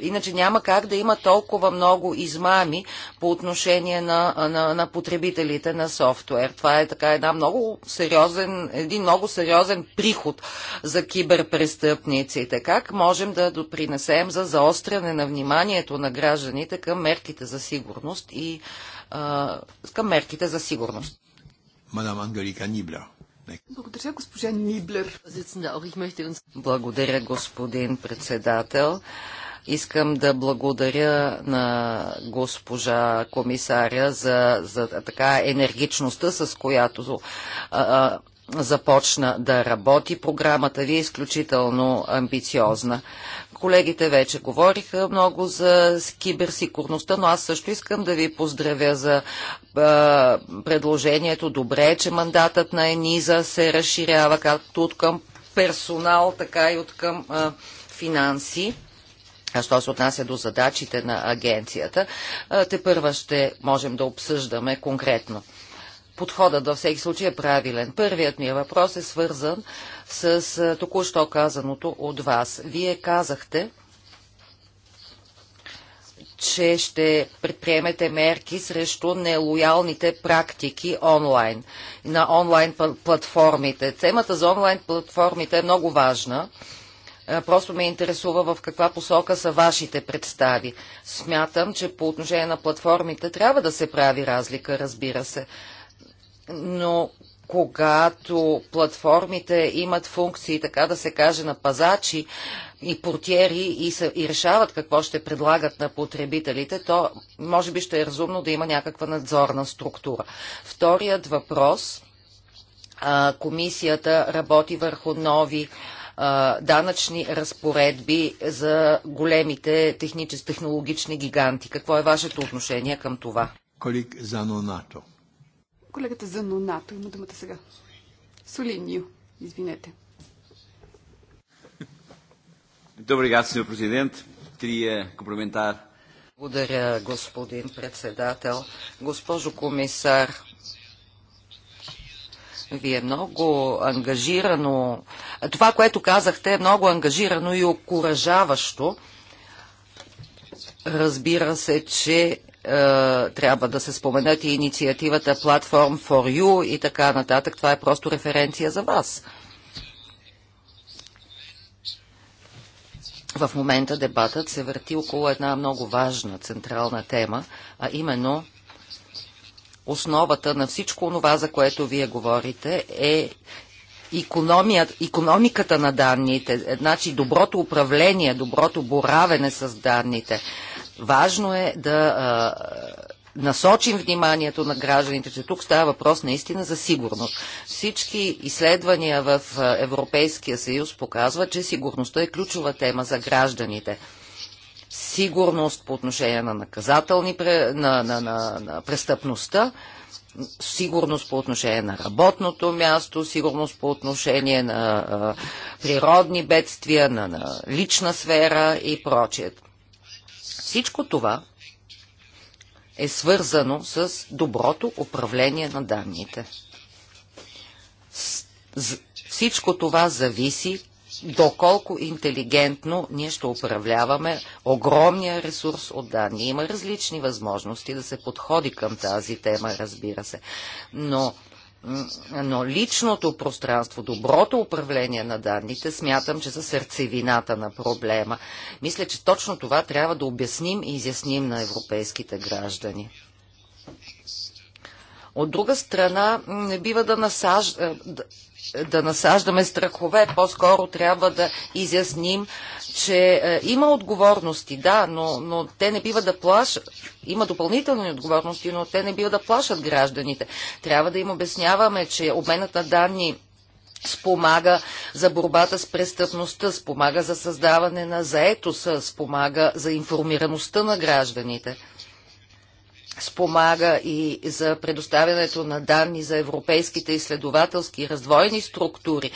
Иначе няма как да има толкова много измами по отношение на, на, на потребителите на софтуер. Това е така една много сериозен, един много сериозен приход за киберпрестъпниците. Как можем да допринесем за заостряне на вниманието на гражданите към мерките за сигурност и а, към мерките за сигурност? Мадам Ангелика Нибля. Благодаря, госпожа Ниблер. Благодаря, господин председател. Искам да благодаря на госпожа комисаря за, за така енергичността, с която а, а, започна да работи. Програмата ви е изключително амбициозна. Колегите вече говориха много за киберсигурността, но аз също искам да ви поздравя за а, предложението. Добре, е, че мандатът на ЕНИЗА се разширява както от към персонал, така и от към а, финанси. А що се отнася до задачите на агенцията, те първа ще можем да обсъждаме конкретно подходът във всеки случай е правилен. Първият ми въпрос е свързан с току-що казаното от вас. Вие казахте, че ще предприемете мерки срещу нелоялните практики онлайн, на онлайн платформите. Темата за онлайн платформите е много важна. Просто ме интересува в каква посока са вашите представи. Смятам, че по отношение на платформите трябва да се прави разлика, разбира се но когато платформите имат функции, така да се каже, на пазачи и портиери и, са, и решават какво ще предлагат на потребителите, то може би ще е разумно да има някаква надзорна структура. Вторият въпрос. А, комисията работи върху нови а, данъчни разпоредби за големите технически, технологични гиганти. Какво е вашето отношение към това? Колик Занонато. Колегата за Нонато има думата сега. Солиньо, извинете. Добре, obrigado, президент. Три е комплементар. Благодаря, господин председател. Госпожо комисар, вие много ангажирано... Това, което казахте, е много ангажирано и окоръжаващо. Разбира се, че е, трябва да се споменат и инициативата Platform for You и така нататък. Това е просто референция за вас. В момента дебатът се върти около една много важна централна тема, а именно основата на всичко това, за което вие говорите, е економиката на данните, значи доброто управление, доброто боравене с данните. Важно е да а, насочим вниманието на гражданите, че тук става въпрос наистина за сигурност. Всички изследвания в Европейския съюз показват, че сигурността е ключова тема за гражданите сигурност по отношение на наказателни, на, на, на, на престъпността, сигурност по отношение на работното място, сигурност по отношение на а, природни бедствия, на, на лична сфера и прочието. Всичко това е свързано с доброто управление на данните. Всичко това зависи доколко интелигентно ние ще управляваме огромния ресурс от данни. Има различни възможности да се подходи към тази тема, разбира се. Но но личното пространство, доброто управление на данните, смятам, че са сърцевината на проблема. Мисля, че точно това трябва да обясним и изясним на европейските граждани. От друга страна, не бива да, насажда. Е, да насаждаме страхове, по-скоро трябва да изясним, че е, има отговорности, да, но, но те не бива да плашат. Има допълнителни отговорности, но те не бива да плашат гражданите. Трябва да им обясняваме, че обменът на данни спомага за борбата с престъпността, спомага за създаване на заетост, спомага за информираността на гражданите спомага и за предоставянето на данни за европейските изследователски и раздвойни структури,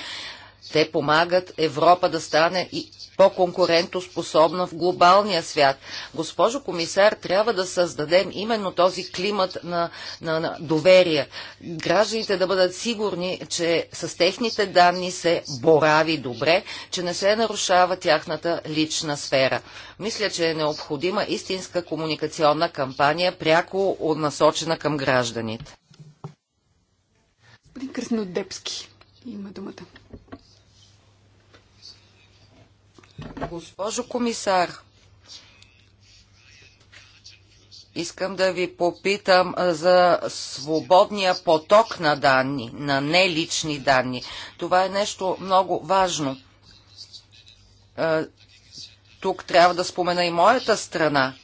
те помагат Европа да стане и по-конкурентоспособна в глобалния свят. Госпожо комисар, трябва да създадем именно този климат на, на, на доверие. Гражданите да бъдат сигурни, че с техните данни се борави добре, че не се нарушава тяхната лична сфера. Мисля, че е необходима истинска комуникационна кампания, пряко насочена към гражданите. Господин Краснодепски има думата. Госпожо комисар, искам да ви попитам за свободния поток на данни, на нелични данни. Това е нещо много важно. Тук трябва да спомена и моята страна,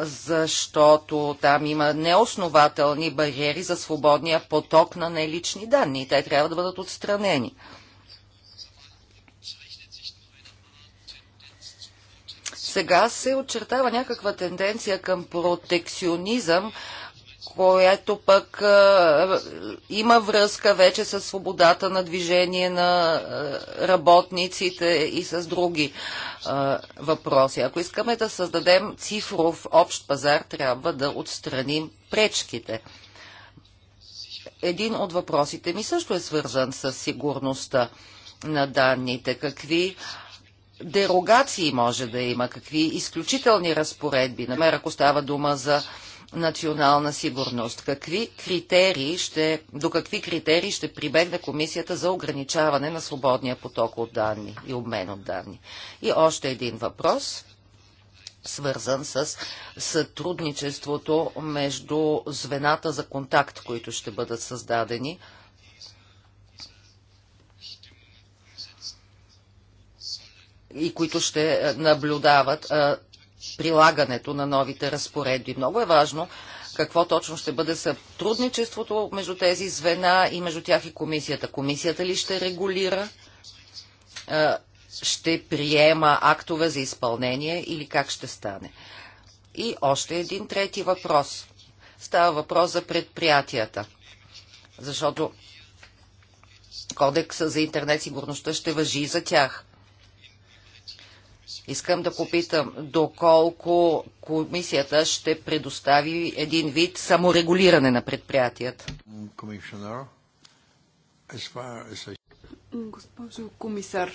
защото там има неоснователни бариери за свободния поток на нелични данни те трябва да бъдат отстранени. сега се очертава някаква тенденция към протекционизъм, което пък а, има връзка вече с свободата на движение на а, работниците и с други а, въпроси. Ако искаме да създадем цифров общ пазар, трябва да отстраним пречките. Един от въпросите ми също е свързан с сигурността на данните. Какви а, дерогации може да има, какви изключителни разпоредби, например, ако става дума за национална сигурност. Какви критерии ще, до какви критерии ще прибегне комисията за ограничаване на свободния поток от данни и обмен от данни? И още един въпрос, свързан с сътрудничеството между звената за контакт, които ще бъдат създадени – и които ще е, наблюдават е, прилагането на новите разпоредби. Много е важно какво точно ще бъде сътрудничеството между тези звена и между тях и комисията. Комисията ли ще регулира, е, ще приема актове за изпълнение или как ще стане? И още един трети въпрос. Става въпрос за предприятията. Защото кодекса за интернет сигурността ще въжи и за тях. Искам да попитам доколко комисията ще предостави един вид саморегулиране на предприятията. Госпожо комисар,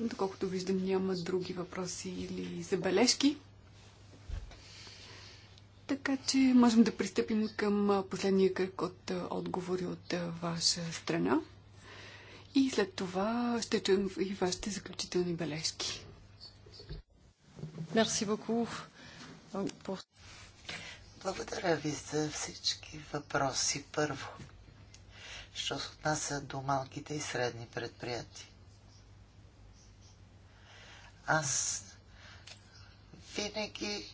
доколкото виждам няма други въпроси или забележки. Така че можем да пристъпим към последния кръг от отговори от ваша страна. И след това ще чуем и вашите заключителни бележки. Merci beaucoup. Благодаря ви за всички въпроси. Първо, що се отнася до малките и средни предприятия. Аз винаги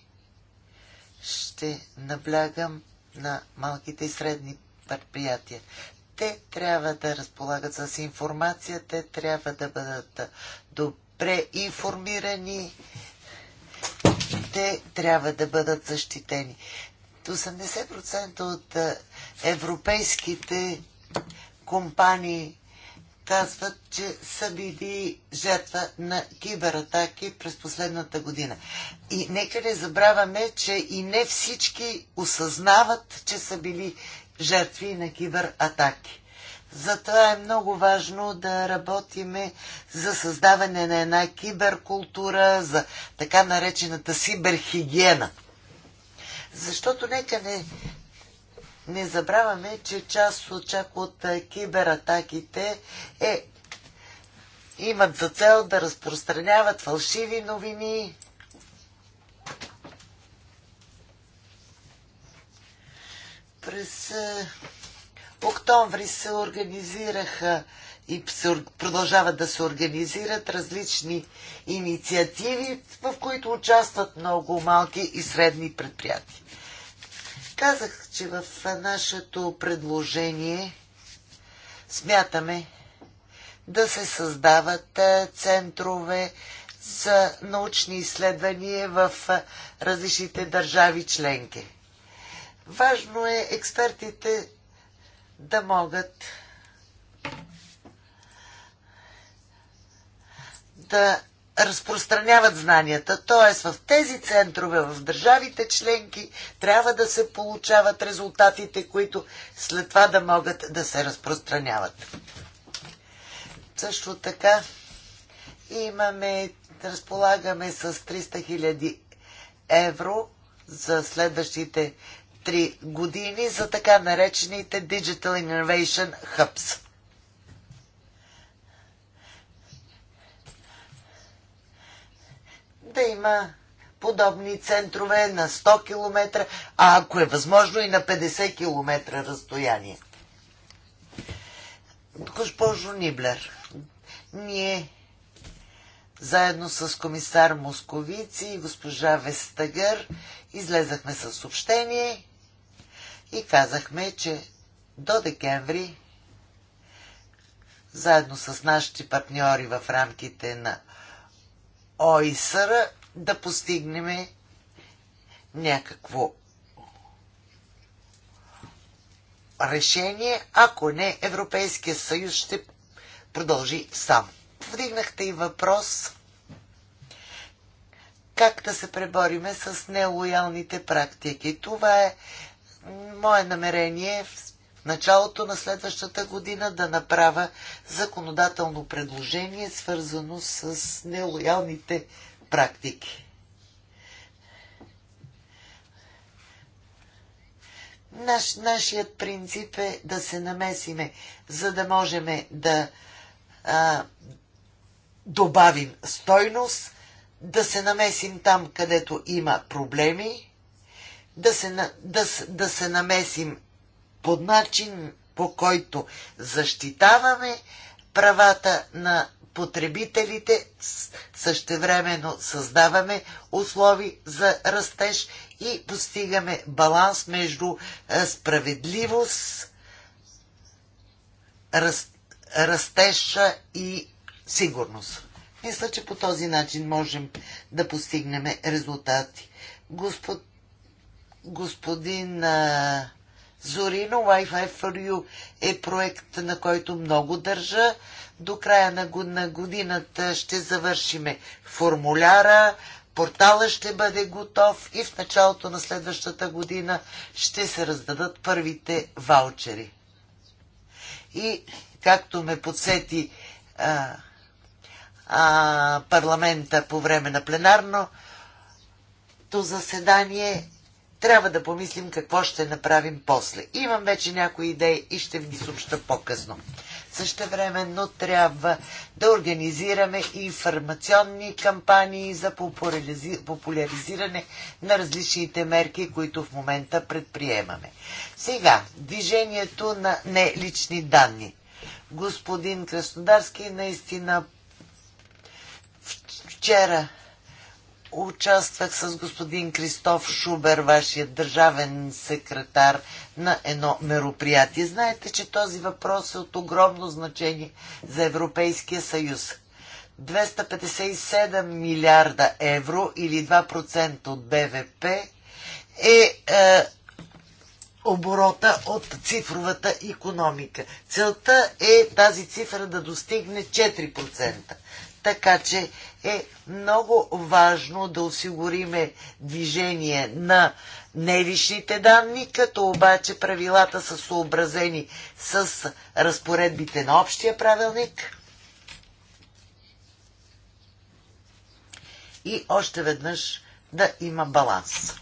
ще наблягам на малките и средни предприятия. Те трябва да разполагат с информация, те трябва да бъдат добре информирани те трябва да бъдат защитени. 80% от европейските компании казват, че са били жертва на кибератаки през последната година. И нека не забравяме, че и не всички осъзнават, че са били жертви на кибератаки. Затова е много важно да работиме за създаване на една киберкултура, за така наречената сиберхигиена. Защото нека не, не забравяме, че част от, чак от кибератаките е, имат за цел да разпространяват фалшиви новини, през октомври се организираха и продължават да се организират различни инициативи, в които участват много малки и средни предприятия. Казах, че в нашето предложение смятаме да се създават центрове за научни изследвания в различните държави членки. Важно е експертите да могат да разпространяват знанията. Т.е. в тези центрове, в държавите членки, трябва да се получават резултатите, които след това да могат да се разпространяват. Също така имаме, разполагаме с 300 000 евро за следващите 3 години за така наречените Digital Innovation Hubs. Да има подобни центрове на 100 км, а ако е възможно и на 50 км разстояние. Госпожо Ниблер, ние заедно с комисар Московици и госпожа Вестагър излезахме със съобщение и казахме, че до декември заедно с нашите партньори в рамките на ОИСР да постигнем някакво решение, ако не Европейския съюз ще продължи сам. Вдигнахте и въпрос как да се пребориме с нелоялните практики. Това е мое намерение е в началото на следващата година да направя законодателно предложение, свързано с нелоялните практики. Наш, нашият принцип е да се намесиме, за да можем да а, добавим стойност, да се намесим там, където има проблеми да се, да, да се намесим под начин, по който защитаваме правата на потребителите, същевременно създаваме услови за растеж и постигаме баланс между е, справедливост, растеж и сигурност. Мисля, че по този начин можем да постигнем резултати. Господ господин а, Зорино, Wi-Fi for You е проект, на който много държа. До края на, годината ще завършиме формуляра, портала ще бъде готов и в началото на следващата година ще се раздадат първите ваучери. И както ме подсети а, а, парламента по време на пленарно, то заседание трябва да помислим какво ще направим после. Имам вече някои идеи и ще ви съобща по-късно. Същевременно трябва да организираме информационни кампании за популяризиране на различните мерки, които в момента предприемаме. Сега, движението на нелични данни. Господин Краснодарски наистина вчера Участвах с господин Кристоф Шубер, вашия държавен секретар, на едно мероприятие. Знаете, че този въпрос е от огромно значение за Европейския съюз. 257 милиарда евро или 2% от БВП е, е оборота от цифровата економика. Целта е тази цифра да достигне 4%. Така че е много важно да осигуриме движение на невишните данни, като обаче правилата са съобразени с разпоредбите на общия правилник. И още веднъж да има баланс.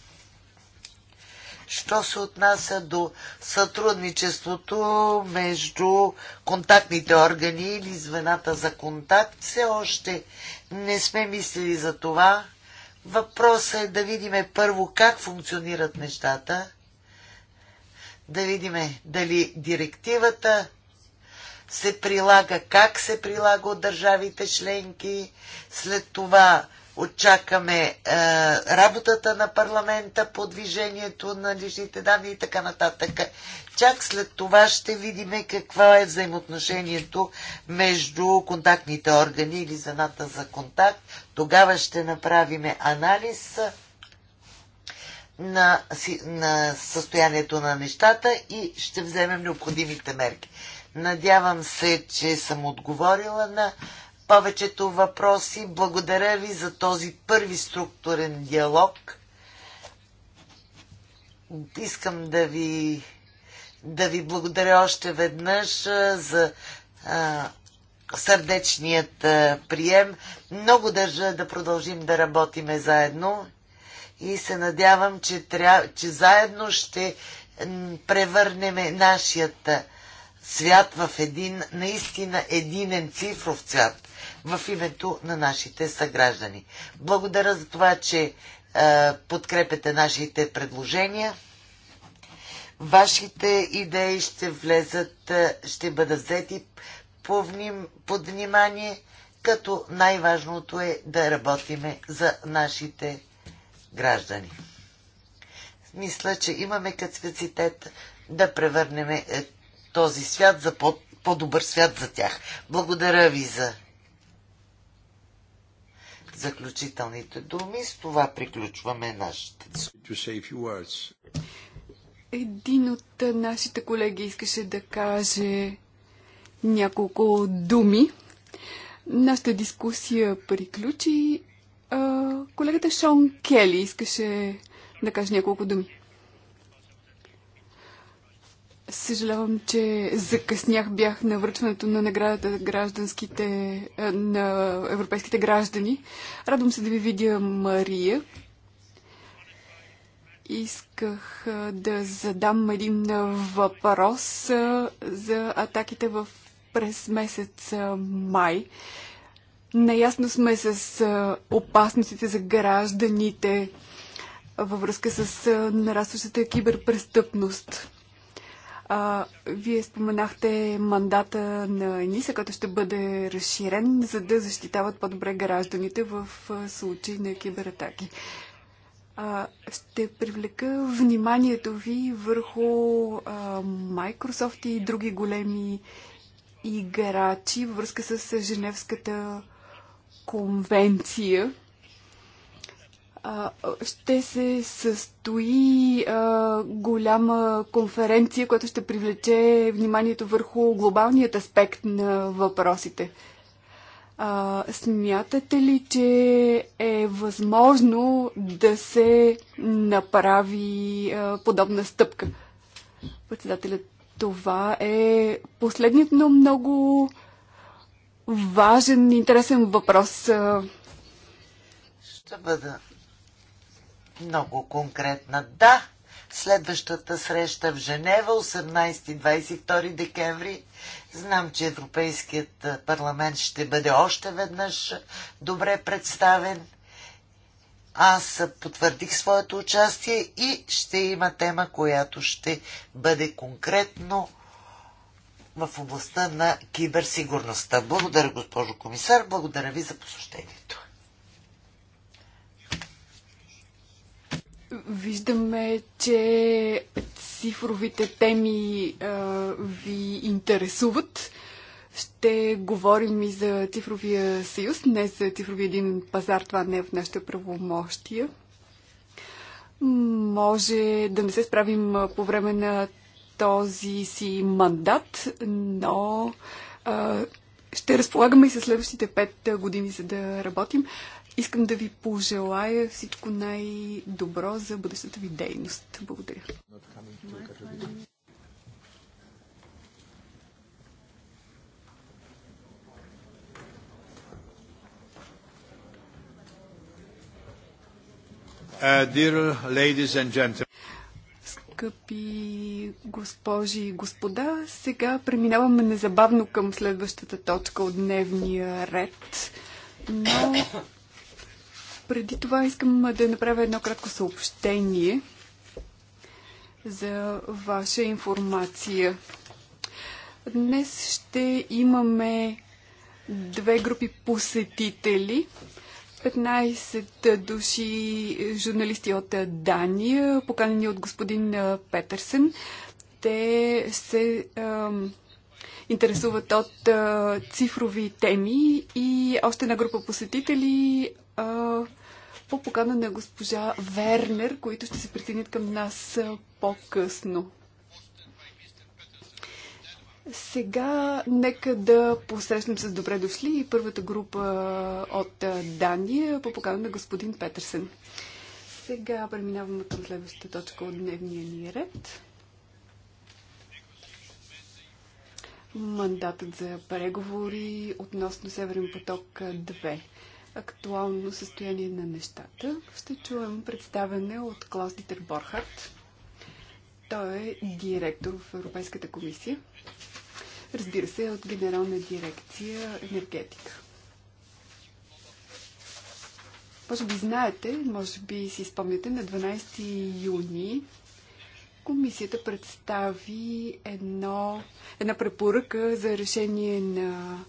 Що се отнася до сътрудничеството между контактните органи или звената за контакт, все още не сме мислили за това. Въпросът е да видим първо как функционират нещата, да видим дали директивата се прилага, как се прилага от държавите членки, след това очакаме е, работата на парламента по движението на личните данни и така нататък. Чак след това ще видим какво е взаимоотношението между контактните органи или заната за контакт. Тогава ще направим анализ на, на състоянието на нещата и ще вземем необходимите мерки. Надявам се, че съм отговорила на повечето въпроси. Благодаря ви за този първи структурен диалог. Искам да ви, да ви благодаря още веднъж за а, сърдечният а, прием. Много държа да продължим да работиме заедно и се надявам, че, тря... че заедно ще превърнем нашият свят в един наистина единен цифров свят в името на нашите съграждани. Благодаря за това, че е, подкрепяте нашите предложения. Вашите идеи ще влезат, е, ще бъдат взети под внимание, като най-важното е да работиме за нашите граждани. Мисля, че имаме капацитет да превърнем е, този свят за по-добър свят за тях. Благодаря ви за заключителните думи. С това приключваме нашите. Един от нашите колеги искаше да каже няколко думи. Нашата дискусия приключи. Колегата Шон Кели искаше да каже няколко думи. Съжалявам, че закъснях бях на връчването на наградата гражданските, е, на европейските граждани. Радвам се да ви видя, Мария. Исках е, да задам един въпрос е, за атаките в през месец май. Наясно сме с опасностите за гражданите във връзка с нарастващата киберпрестъпност. А, вие споменахте мандата на ЕНИСА, който ще бъде разширен, за да защитават по-добре гражданите в случай на кибератаки. А, ще привлека вниманието ви върху а, Microsoft и други големи играчи във връзка с Женевската конвенция ще се състои а, голяма конференция, която ще привлече вниманието върху глобалният аспект на въпросите. А, смятате ли, че е възможно да се направи а, подобна стъпка? Председателя, това е последният, но много важен, интересен въпрос. Ще бъда много конкретна. Да, следващата среща в Женева, 18-22 декември. Знам, че Европейският парламент ще бъде още веднъж добре представен. Аз потвърдих своето участие и ще има тема, която ще бъде конкретно в областта на киберсигурността. Благодаря, госпожо комисар. Благодаря ви за посещението. Виждаме, че цифровите теми а, ви интересуват. Ще говорим и за цифровия съюз, не за е цифровия един пазар. Това не е в нашите правомощия. Може да не се справим по време на този си мандат, но а, ще разполагаме и с следващите пет години, за да работим. Искам да ви пожелая всичко най-добро за бъдещата ви дейност. Благодаря. Uh, dear ladies and gentlemen, скъпи госпожи и господа, сега преминаваме незабавно към следващата точка от дневния ред. Но преди това искам да направя едно кратко съобщение за ваша информация. Днес ще имаме две групи посетители. 15 души журналисти от Дания, поканени от господин Петърсен. Те се а, интересуват от а, цифрови теми и още една група посетители а, по покана на госпожа Вернер, които ще се присъединят към нас по-късно. Сега нека да посрещнем с добре дошли и първата група от Дания по покана на господин Петърсен. Сега преминаваме към следващата точка от дневния ни ред. Мандатът за преговори относно Северен поток 2. Актуално състояние на нещата. Ще чуем представене от Клаус Дитер Борхарт. Той е директор в Европейската комисия. Разбира се, от Генерална дирекция енергетика. Може би знаете, може би си спомняте, на 12 юни комисията представи едно, една препоръка за решение на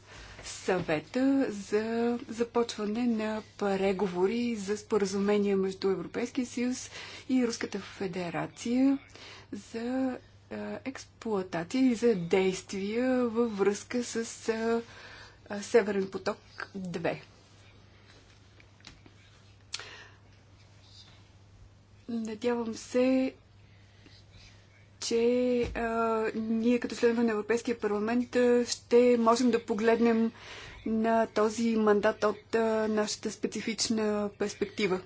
съвета за започване на преговори за споразумение между Европейския съюз и Руската федерация за е, експлуатация и за действия във връзка с е, е, Северен поток 2. Надявам се, че а, ние като членове на Европейския парламент ще можем да погледнем на този мандат от а, нашата специфична перспектива.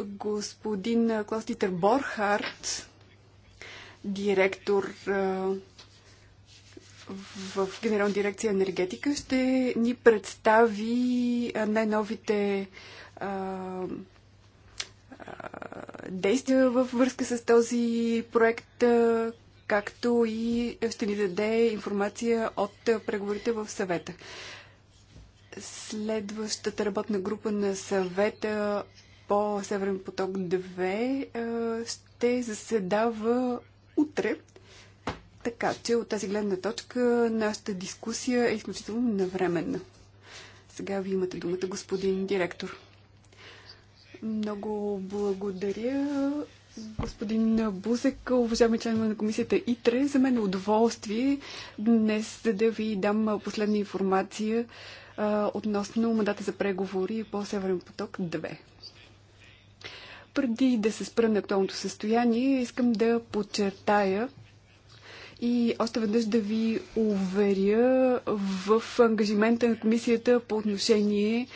Господин Клоститер Борхарт директор в Генерална дирекция енергетика ще ни представи най-новите действия във връзка с този проект, както и ще ни даде информация от преговорите в съвета. Следващата работна група на съвета по Северен поток 2 ще заседава утре. Така че от тази гледна точка нашата дискусия е изключително навременна. Сега ви имате думата, господин директор. Много благодаря, господин Бузек, уважаеми членове на комисията ИТРЕ. За мен е удоволствие днес да ви дам последна информация а, относно мандата за преговори по Северен поток 2. Преди да се спра на актуалното състояние, искам да подчертая и още веднъж да ви уверя в ангажимента на комисията по отношение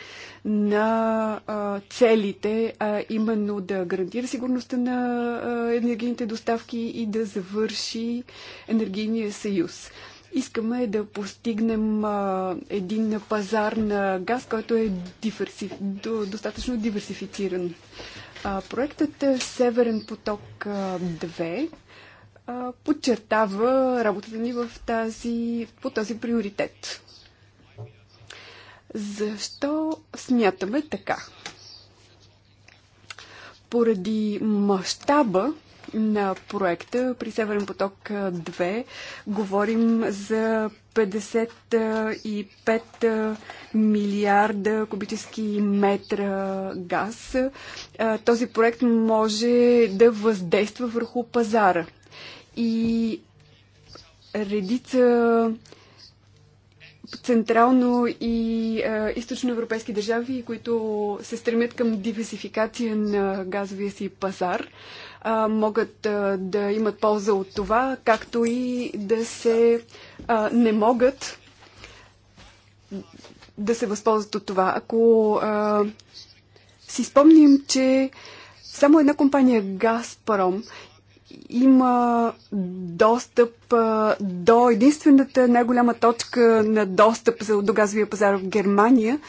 на а, целите, а именно да гарантира сигурността на а, енергийните доставки и да завърши енергийния съюз. Искаме да постигнем а, един пазар на газ, който е диверсиф... достатъчно диверсифициран. Проектът е Северен поток 2 подчертава работата ни в тази, по този приоритет. Защо смятаме така? Поради мащаба на проекта. При Северен поток 2 говорим за 55 милиарда кубически метра газ. Този проект може да въздейства върху пазара. И редица централно и източно източноевропейски държави, които се стремят към диверсификация на газовия си пазар а, могат а, да имат полза от това, както и да се а, не могат да се възползват от това. Ако а, си спомним, че само една компания Газпром има достъп а, до единствената най-голяма точка на достъп за, до газовия пазар в Германия,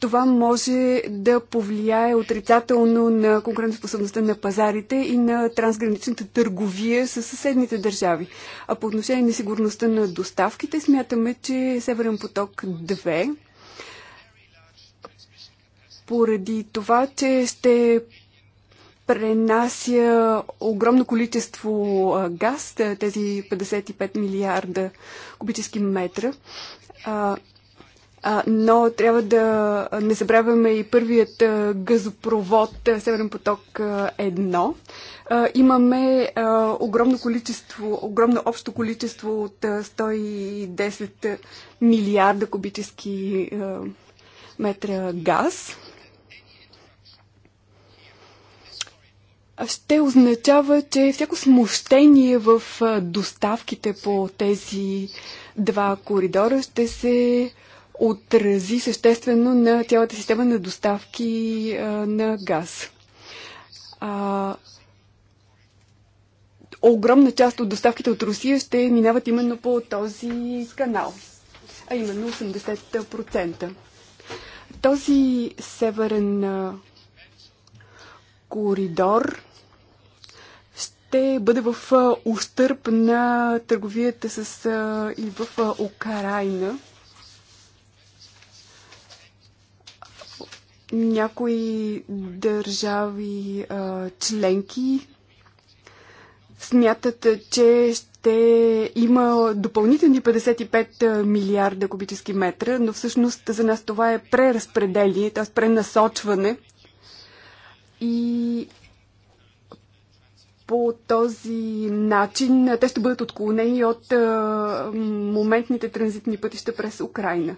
това може да повлияе отрицателно на конкурентоспособността на пазарите и на трансграничната търговия с съседните държави. А по отношение на сигурността на доставките, смятаме, че Северен поток 2 поради това, че ще пренася огромно количество газ, тези 55 милиарда кубически метра, но трябва да не забравяме и първият газопровод Северен поток 1. Имаме огромно количество, огромно общо количество от 110 милиарда кубически метра газ. ще означава, че всяко смущение в доставките по тези два коридора ще се отрази съществено на цялата система на доставки на газ. А, огромна част от доставките от Русия ще минават именно по този канал, а именно 80%. Този северен коридор ще бъде в устърп на търговията с и в Украина. Някои държави а, членки смятат, че ще има допълнителни 55 милиарда кубически метра, но всъщност за нас това е преразпределение, т.е. пренасочване. И по този начин те ще бъдат отклонени от а, моментните транзитни пътища през Украина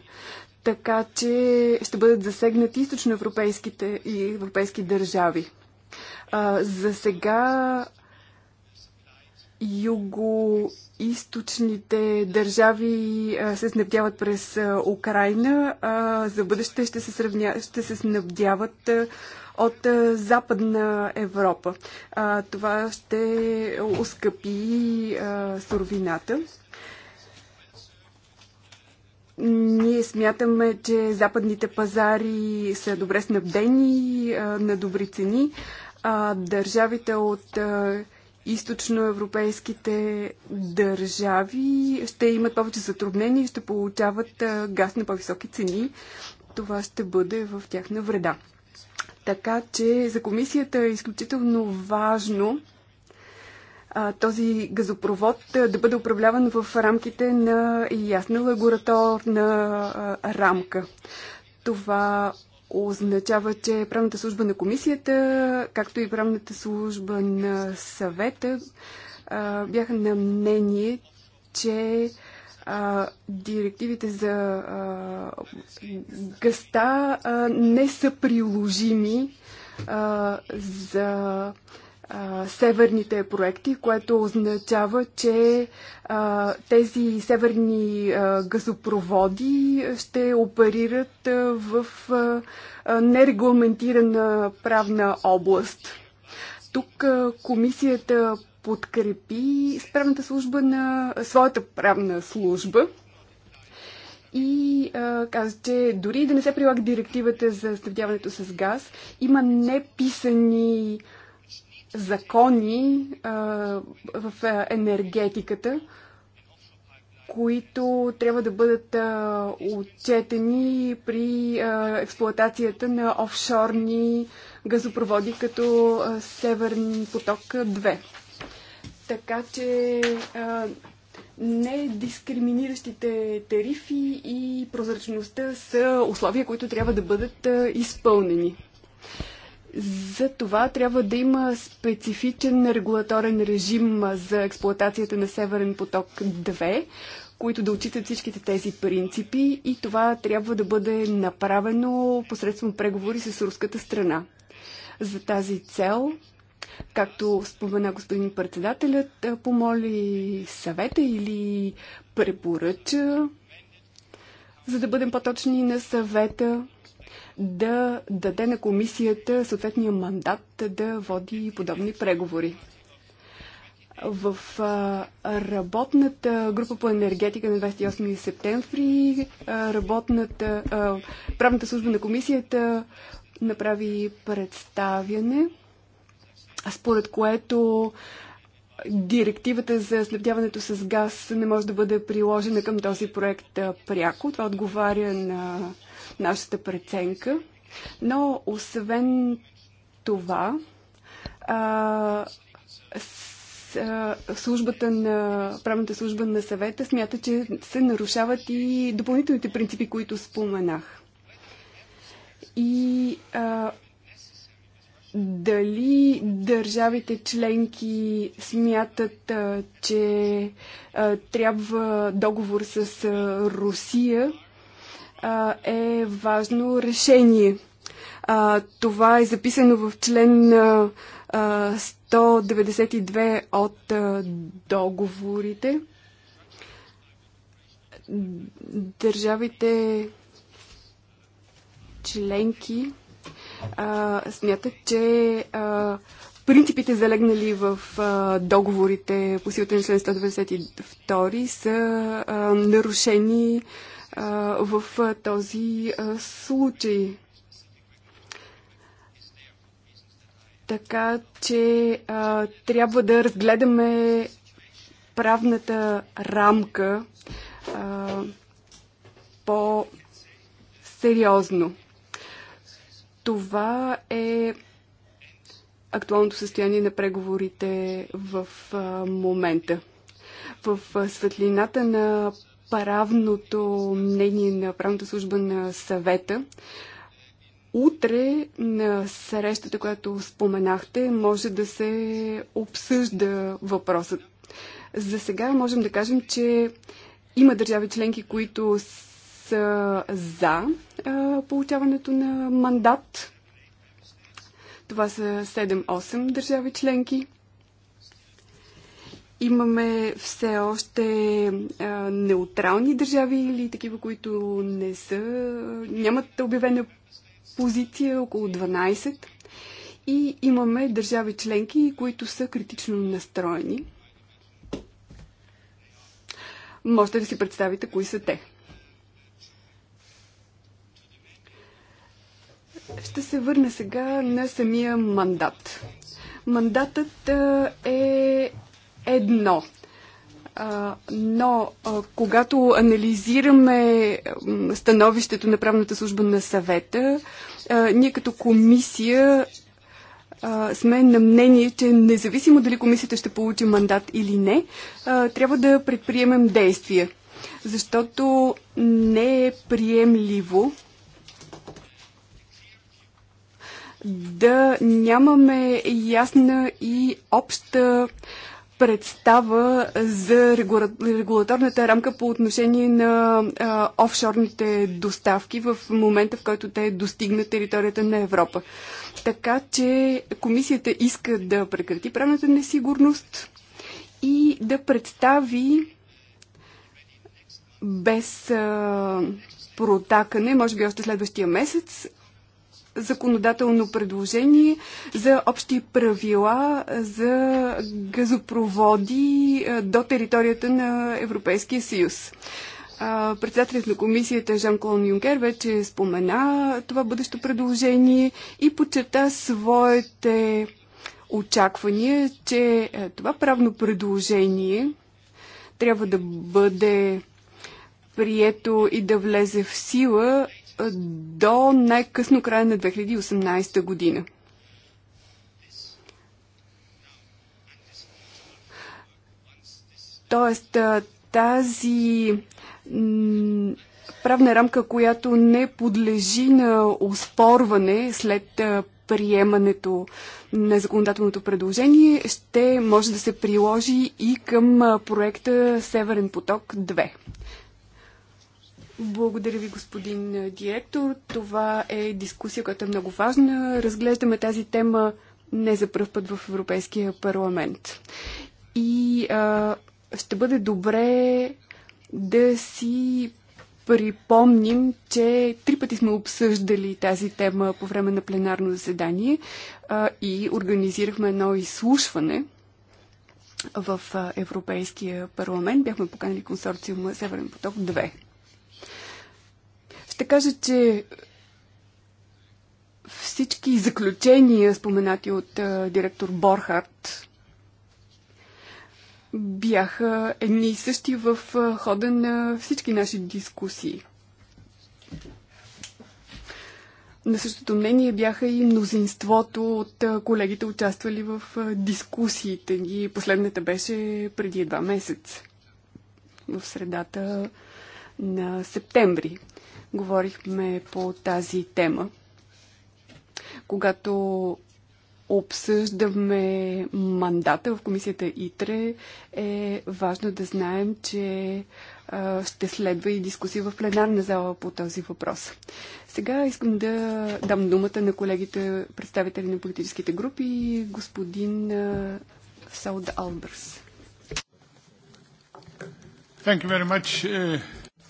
така че ще бъдат засегнати източноевропейските и европейски държави. А, за сега юго държави а, се снабдяват през а, Украина, а за бъдеще ще се, сравня, ще се снабдяват а, от а, Западна Европа. А, това ще ускъпи а, суровината. Ние смятаме, че западните пазари са добре снабдени на добри цени, а държавите от източноевропейските държави ще имат повече затруднения и ще получават газ на по-високи цени. Това ще бъде в тяхна вреда. Така че за комисията е изключително важно а, този газопровод да бъде управляван в рамките на ясна лабораторна рамка. Това означава, че правната служба на комисията, както и правната служба на съвета, а, бяха на мнение, че директивите за гъста не са приложими за а, северните проекти, което означава, че а, тези северни а, газопроводи ще оперират а, в а, нерегламентирана правна област. Тук а, комисията подкрепи справната служба на своята правна служба и а, каза, че дори да не се прилага директивата за снабдяването с газ, има неписани закони в енергетиката, които трябва да бъдат отчетени при експлуатацията на офшорни газопроводи като Северен поток 2. Така че не дискриминиращите тарифи и прозрачността са условия, които трябва да бъдат изпълнени. За това трябва да има специфичен регулаторен режим за експлоатацията на Северен поток 2, които да отчитат всичките тези принципи и това трябва да бъде направено посредством преговори с руската страна. За тази цел, както спомена господин председателят, помоли съвета или препоръча, за да бъдем по-точни на съвета да даде на комисията съответния мандат да води подобни преговори. В работната група по енергетика на 28 септември работната, правната служба на комисията направи представяне, според което директивата за снабдяването с газ не може да бъде приложена към този проект пряко. Това отговаря на нашата преценка. Но освен това, а, с, а, службата на, правната служба на съвета смята, че се нарушават и допълнителните принципи, които споменах. И а, дали държавите членки смятат, а, че а, трябва договор с а, Русия е важно решение. Това е записано в член 192 от договорите. Държавите членки а, смятат, че а, принципите залегнали в а, договорите по силата на член 192 са а, нарушени а, в този случай. Така че а, трябва да разгледаме правната рамка а, по-сериозно. Това е актуалното състояние на преговорите в а, момента. В а, светлината на правното мнение на правната служба на съвета. Утре на срещата, която споменахте, може да се обсъжда въпросът. За сега можем да кажем, че има държави членки, които са за а, получаването на мандат. Това са 7-8 държави членки. Имаме все още а, неутрални държави или такива, които не са, нямат обявена позиция, около 12. И имаме държави членки, които са критично настроени. Можете да си представите кои са те. Ще се върна сега на самия мандат. Мандатът е едно. Но когато анализираме становището на правната служба на съвета, ние като комисия сме на мнение, че независимо дали комисията ще получи мандат или не, трябва да предприемем действия. Защото не е приемливо да нямаме ясна и обща представа за регулаторната рамка по отношение на а, офшорните доставки в момента, в който те достигнат територията на Европа. Така че комисията иска да прекрати правната несигурност и да представи без а, протакане, може би още следващия месец, законодателно предложение за общи правила за газопроводи до територията на Европейския съюз. Председателят на комисията Жан-Клон Юнкер вече спомена това бъдещо предложение и подчерта своите очаквания, че това правно предложение трябва да бъде прието и да влезе в сила до най-късно края на 2018 година. Тоест, тази правна рамка, която не подлежи на оспорване след приемането на законодателното предложение, ще може да се приложи и към проекта Северен поток 2. Благодаря ви, господин директор. Това е дискусия, която е много важна. Разглеждаме тази тема не за първ път в Европейския парламент. И а, ще бъде добре да си припомним, че три пъти сме обсъждали тази тема по време на пленарно заседание а, и организирахме едно изслушване в Европейския парламент. Бяхме поканали консорциума Северен поток 2. Ще кажа, че всички заключения, споменати от а, директор Борхарт, бяха едни и същи в а, хода на всички наши дискусии. На същото мнение бяха и мнозинството от а, колегите, участвали в а, дискусиите ни. Последната беше преди два месеца, в средата на септември. Говорихме по тази тема. Когато обсъждаме мандата в комисията ИТРЕ, е важно да знаем, че ще следва и дискусия в пленарна зала по този въпрос. Сега искам да дам думата на колегите, представители на политическите групи, господин Сауд Албърс. Thank you very much,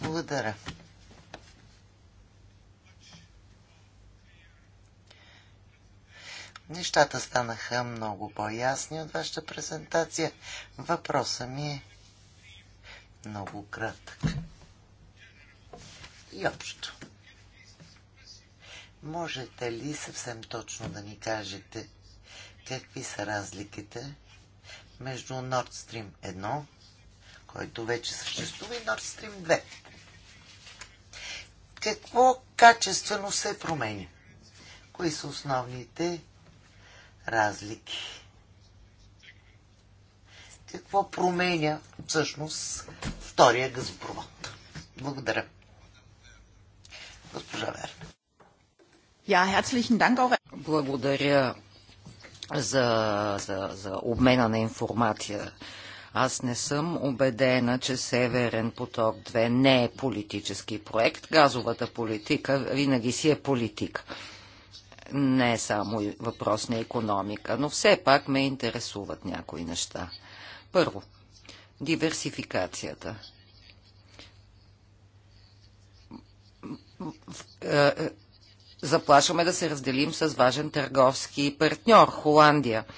благодаря. Нещата станаха много по-ясни от вашата презентация. Въпроса ми е много кратък. И общо. Можете ли съвсем точно да ни кажете какви са разликите между Nord Stream 1, който вече съществува, и Nord Stream 2? какво качествено се променя? Кои са основните разлики? Какво променя всъщност втория газопровод? Благодаря. Госпожа Верна. Я, herzlichen Dank Благодаря за, за, за обмена на информация аз не съм убедена, че Северен поток 2 не е политически проект. Газовата политика винаги си е политика. Не е само въпрос на економика, но все пак ме интересуват някои неща. Първо, диверсификацията. Е, е, заплашваме да се разделим с важен търговски партньор Холандия –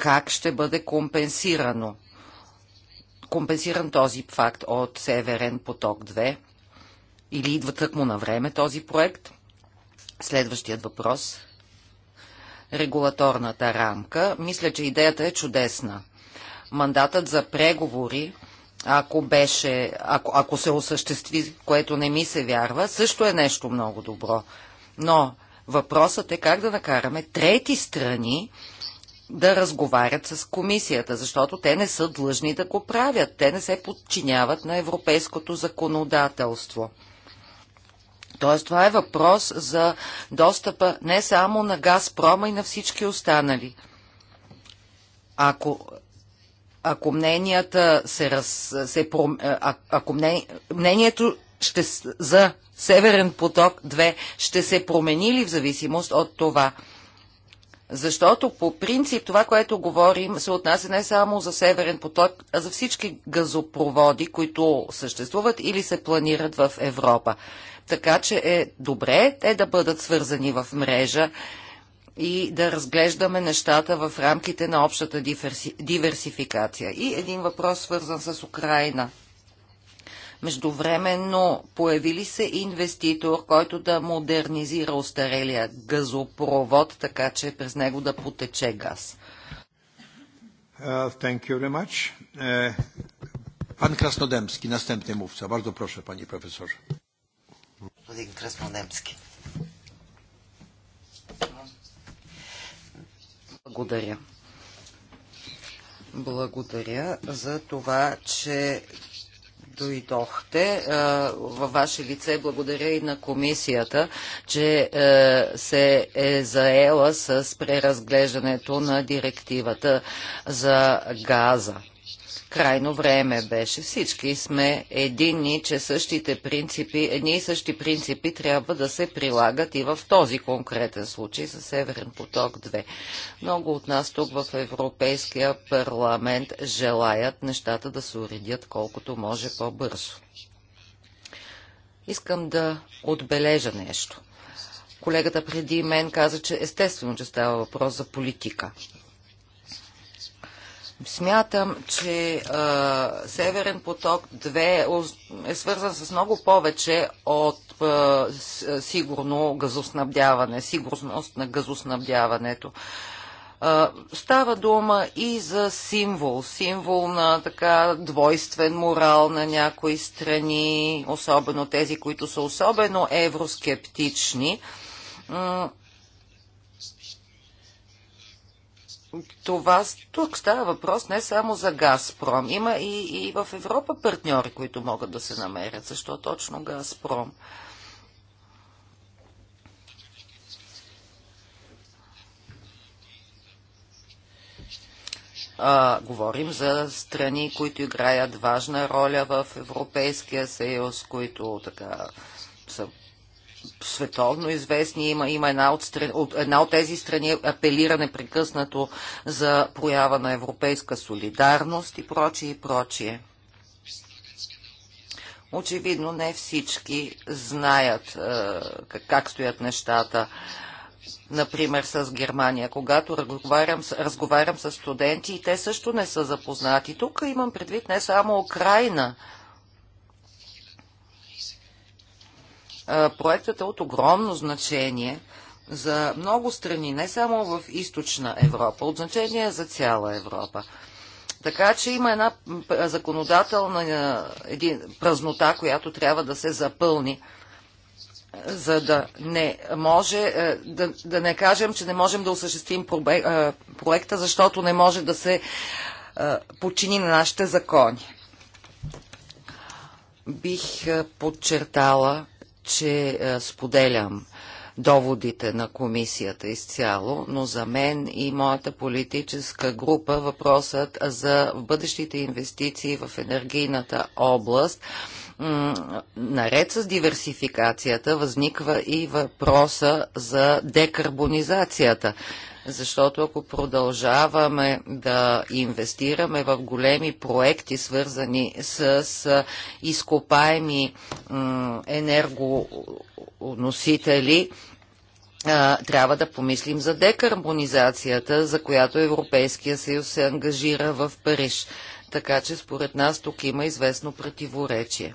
как ще бъде компенсирано компенсиран този факт от Северен поток 2 или идва му на време този проект? Следващият въпрос. Регулаторната рамка. Мисля, че идеята е чудесна. Мандатът за преговори, ако, беше, ако, ако се осъществи, което не ми се вярва, също е нещо много добро. Но въпросът е как да накараме трети страни да разговарят с комисията, защото те не са длъжни да го правят. Те не се подчиняват на европейското законодателство. Тоест, това е въпрос за достъпа не само на Газпрома и на всички останали. Ако, ако мненията се, раз, се пром, а, ако мнение, мнението ще, за Северен поток 2 ще се промени ли в зависимост от това? Защото по принцип това, което говорим, се отнася не само за Северен поток, а за всички газопроводи, които съществуват или се планират в Европа. Така че е добре те да бъдат свързани в мрежа и да разглеждаме нещата в рамките на общата диверсификация. И един въпрос свързан с Украина. Междувременно появили се инвеститор, който да модернизира устарелия газопровод, така че през него да потече газ. Uh, uh, pan Krasnodębski, następny mówca. Bardzo proszę, panie profesorze. Господин Краснодемски. Благодаря. Благодаря за това, че дойдохте. Във ваше лице благодаря и на комисията, че се е заела с преразглеждането на директивата за газа. Крайно време беше. Всички сме едини, че същите принципи, едни и същи принципи трябва да се прилагат и в този конкретен случай за Северен поток 2. Много от нас тук в Европейския парламент желаят нещата да се уредят колкото може по-бързо. Искам да отбележа нещо. Колегата преди мен каза, че естествено, че става въпрос за политика. Смятам, че а, Северен поток 2 е свързан с много повече от а, сигурно газоснабдяване, сигурност на газоснабдяването. А, става дума и за символ, символ на така двойствен морал на някои страни, особено тези, които са особено евроскептични това тук става въпрос не само за Газпром. Има и, и в Европа партньори, които могат да се намерят. Защо точно Газпром? а, говорим за страни, които играят важна роля в Европейския съюз, които така световно известни. Има, има една, от стран, от, една от тези страни апелира непрекъснато за проява на европейска солидарност и прочие и прочие. Очевидно не всички знаят е, как стоят нещата. Например, с Германия. Когато разговарям, разговарям с студенти, и те също не са запознати. Тук имам предвид не само Украина, проектът е от огромно значение за много страни, не само в източна Европа, от значение за цяла Европа. Така че има една законодателна един, празнота, която трябва да се запълни, за да не може, да, да не кажем, че не можем да осъществим проекта, защото не може да се подчини на нашите закони. Бих подчертала, че е, споделям доводите на комисията изцяло, но за мен и моята политическа група въпросът за бъдещите инвестиции в енергийната област наред с диверсификацията възниква и въпроса за декарбонизацията. Защото ако продължаваме да инвестираме в големи проекти, свързани с изкопаеми енергоносители, трябва да помислим за декарбонизацията, за която Европейския съюз се ангажира в Париж. Така че според нас тук има известно противоречие.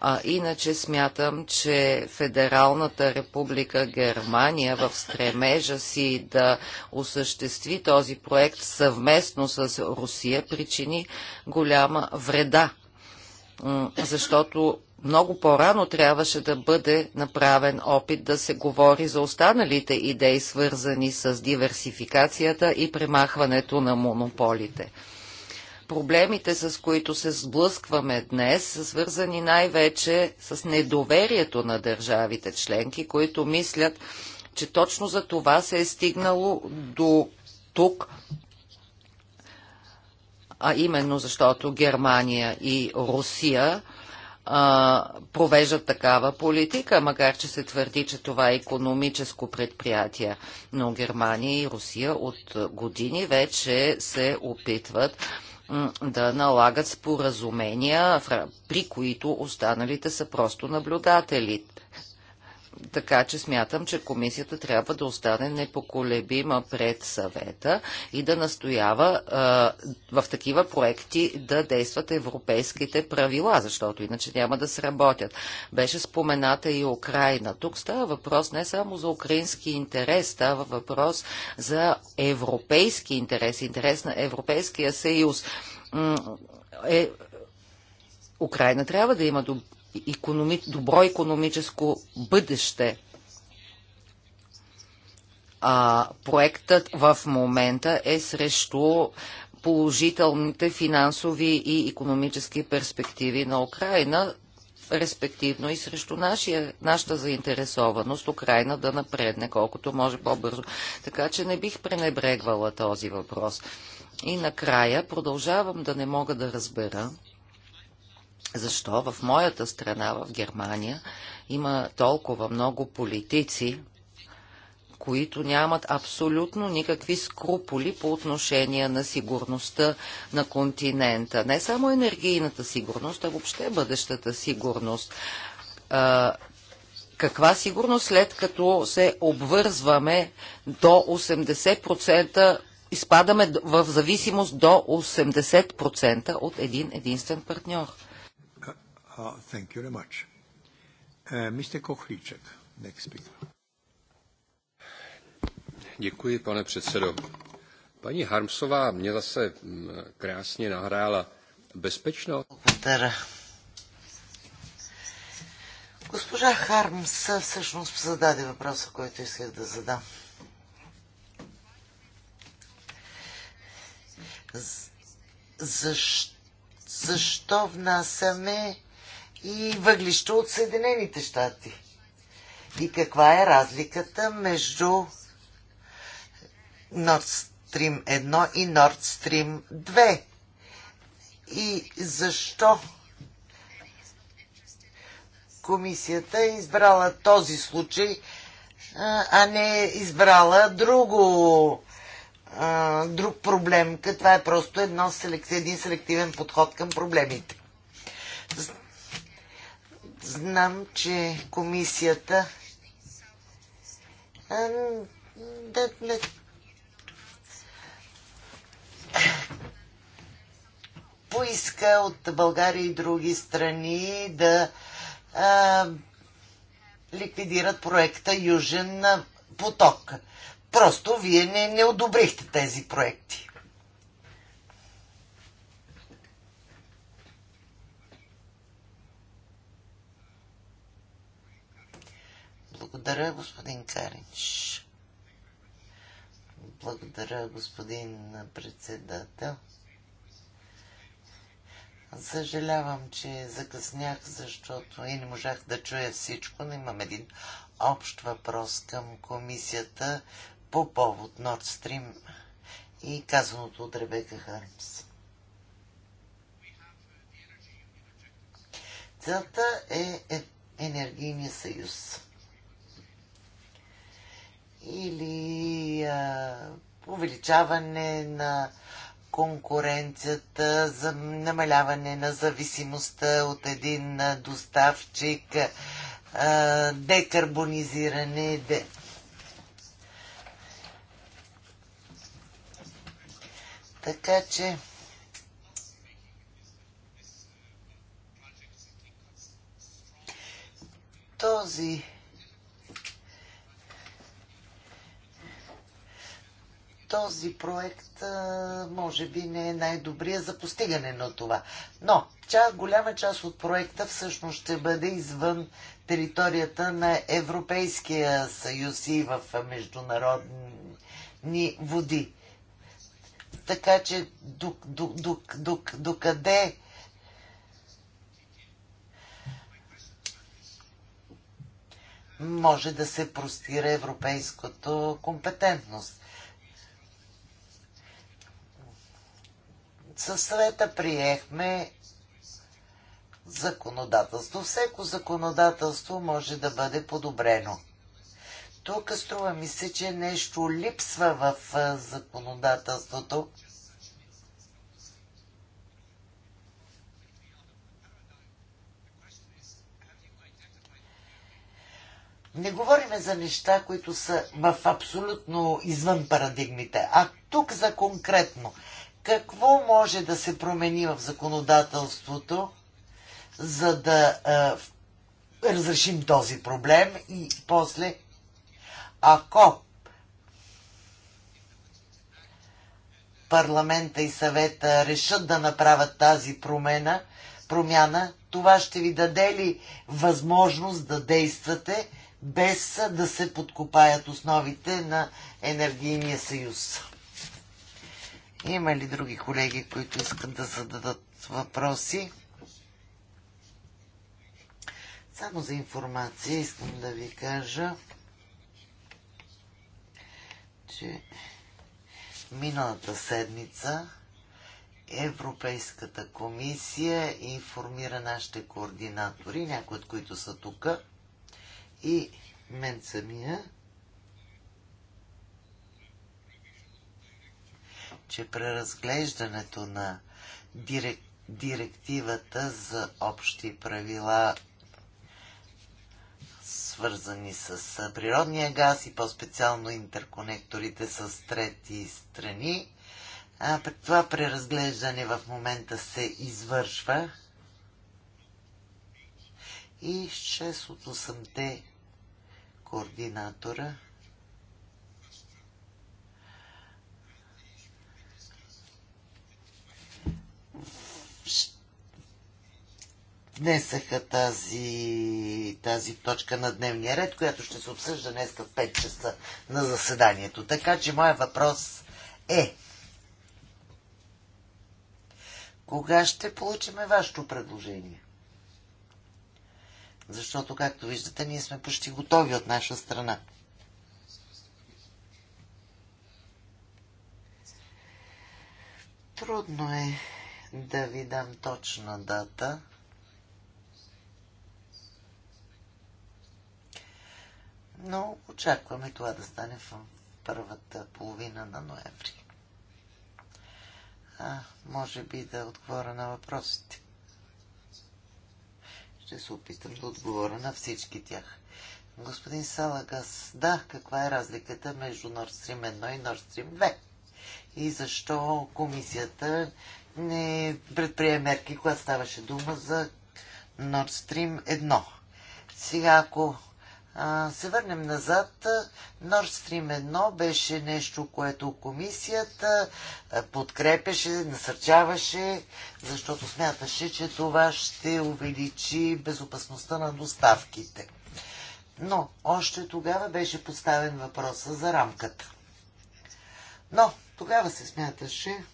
А иначе смятам, че Федералната република Германия в стремежа си да осъществи този проект съвместно с Русия причини голяма вреда, защото много по-рано трябваше да бъде направен опит да се говори за останалите идеи, свързани с диверсификацията и премахването на монополите проблемите, с които се сблъскваме днес, са свързани най-вече с недоверието на държавите членки, които мислят, че точно за това се е стигнало до тук, а именно защото Германия и Русия а, провеждат такава политика, макар че се твърди, че това е економическо предприятие. Но Германия и Русия от години вече се опитват да налагат споразумения, при които останалите са просто наблюдатели. Така че смятам, че комисията трябва да остане непоколебима пред съвета и да настоява а, в такива проекти да действат европейските правила, защото иначе няма да сработят. Беше спомената и Украина. Тук става въпрос не само за украински интерес, става въпрос за европейски интерес, интерес на Европейския съюз. Е, Украина трябва да има економи... добро економическо бъдеще. А, проектът в момента е срещу положителните финансови и економически перспективи на Украина, респективно и срещу нашия, нашата заинтересованост Украина да напредне колкото може по-бързо. Така че не бих пренебрегвала този въпрос. И накрая продължавам да не мога да разбера защо в моята страна, в Германия, има толкова много политици, които нямат абсолютно никакви скруполи по отношение на сигурността на континента. Не само енергийната сигурност, а въобще бъдещата сигурност. А, каква сигурност след като се обвързваме до 80%, изпадаме в зависимост до 80% от един единствен партньор? thank you very much. Mr. next speaker. Děkuji, pane předsedo. Paní Harmsová mě zase krásně nahrála bezpečnost. Госпожа Хармс всъщност зададе въпроса, който исках да задам. защо внасяме и въглища от Съединените щати. И каква е разликата между Nord Stream 1 и Nord Stream 2? И защо комисията е избрала този случай, а не е избрала друго, друг проблем. Това е просто едно, един селективен подход към проблемите. Знам, че комисията да, не... поиска от България и други страни да а, ликвидират проекта Южен поток. Просто вие не, не одобрихте тези проекти. Благодаря, господин Каринч. Благодаря, господин председател. Съжалявам, че закъснях, защото и не можах да чуя всичко, но имам един общ въпрос към комисията по повод Nord Stream и казаното от Ребека Хармс. Целта е, е- енергийния съюз или а, увеличаване на конкуренцията, за намаляване на зависимостта от един доставчик, а, декарбонизиране. Де... Така че. Този този проект може би не е най-добрия за постигане на това. Но част, голяма част от проекта всъщност ще бъде извън територията на Европейския съюз и в международни води. Така че докъде може да се простира европейското компетентност. Със съвета приехме законодателство. Всеко законодателство може да бъде подобрено. Тук струва ми се, че нещо липсва в законодателството. Не говориме за неща, които са в абсолютно извън парадигмите, а тук за конкретно какво може да се промени в законодателството, за да а, разрешим този проблем и после, ако парламента и съвета решат да направят тази промена, промяна, това ще ви даде ли възможност да действате без да се подкопаят основите на енергийния съюз? Има ли други колеги, които искат да зададат въпроси? Само за информация искам да ви кажа, че миналата седмица Европейската комисия информира нашите координатори, някои от които са тук, и мен самия, че преразглеждането на директ, директивата за общи правила, свързани с природния газ и по-специално интерконекторите с трети страни, а, това преразглеждане в момента се извършва и 6 от 8-те координатора – внесаха тази, тази точка на дневния ред, която ще се обсъжда днес в 5 часа на заседанието. Така че моят въпрос е кога ще получиме вашето предложение? Защото, както виждате, ние сме почти готови от наша страна. Трудно е да ви дам точна дата – но очакваме това да стане в първата половина на ноември. А, може би да отговоря на въпросите. Ще се опитам да отговоря на всички тях. Господин Салагас, да, каква е разликата между Nord Stream 1 и Nord Stream 2? И защо комисията не предприе мерки, когато ставаше дума за Nord Stream 1? Сега, ако се върнем назад. Nord Stream 1 беше нещо, което комисията подкрепеше, насърчаваше, защото смяташе, че това ще увеличи безопасността на доставките. Но още тогава беше поставен въпроса за рамката. Но тогава се смяташе,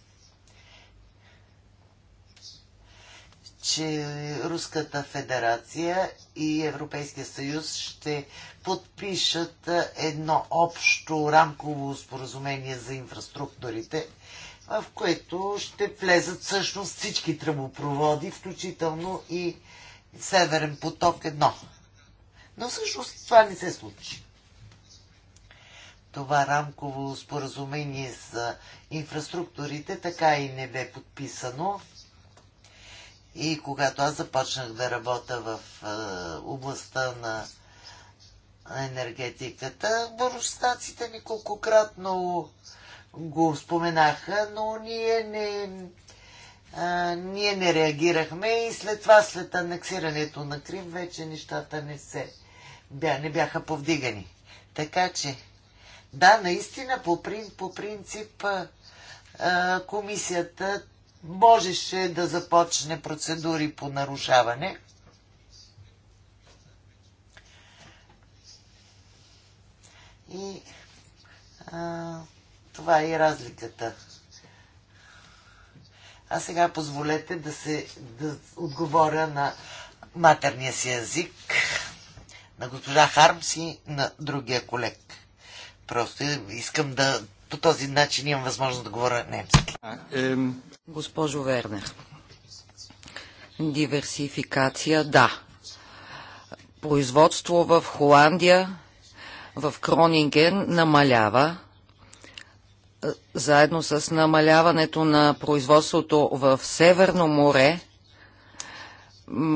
че Руската федерация и Европейския съюз ще подпишат едно общо рамково споразумение за инфраструктурите, в което ще влезат всъщност всички тръбопроводи, включително и Северен поток 1. Но всъщност това не се случи. Това рамково споразумение за инфраструктурите така и не бе подписано и когато аз започнах да работя в е, областта на енергетиката, борщаците неколкократно го споменаха, но ние не, а, е, ние не реагирахме и след това, след анексирането на Крим, вече нещата не се бя, не бяха повдигани. Така че, да, наистина, по, прин, по принцип а, е, комисията можеше да започне процедури по нарушаване. И а, това е и разликата. А сега позволете да се да отговоря на матерния си език, на госпожа Хармс и на другия колег. Просто искам да по този начин имам възможност да говоря немски. Госпожо Вернер, диверсификация, да. Производство в Холандия, в Кронинген намалява, е, заедно с намаляването на производството в Северно море –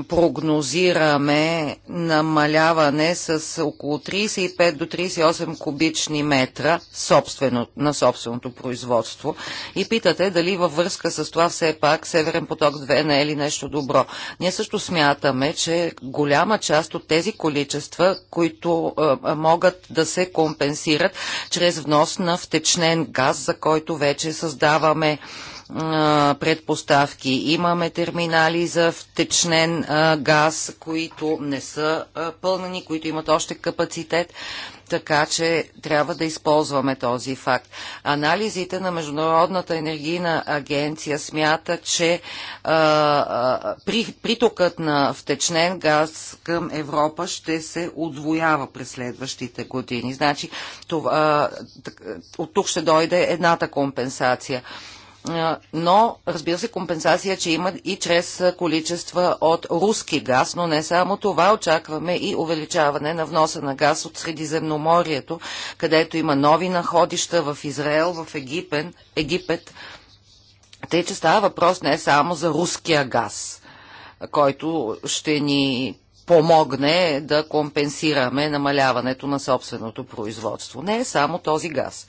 прогнозираме намаляване с около 35 до 38 кубични метра собствено, на собственото производство и питате дали във връзка с това все пак Северен поток 2 не е ли нещо добро. Ние също смятаме, че голяма част от тези количества, които а, могат да се компенсират чрез внос на втечнен газ, за който вече създаваме предпоставки. Имаме терминали за втечнен газ, които не са пълнени, които имат още капацитет така че трябва да използваме този факт. Анализите на Международната енергийна агенция смята, че а, а, при, притокът на втечнен газ към Европа ще се отвоява през следващите години. Значи това, а, от тук ще дойде едната компенсация но разбира се компенсация, че имат и чрез количества от руски газ, но не само това, очакваме и увеличаване на вноса на газ от Средиземноморието, където има нови находища в Израел, в Египен, Египет, тъй че става въпрос не само за руския газ, който ще ни помогне да компенсираме намаляването на собственото производство. Не е само този газ.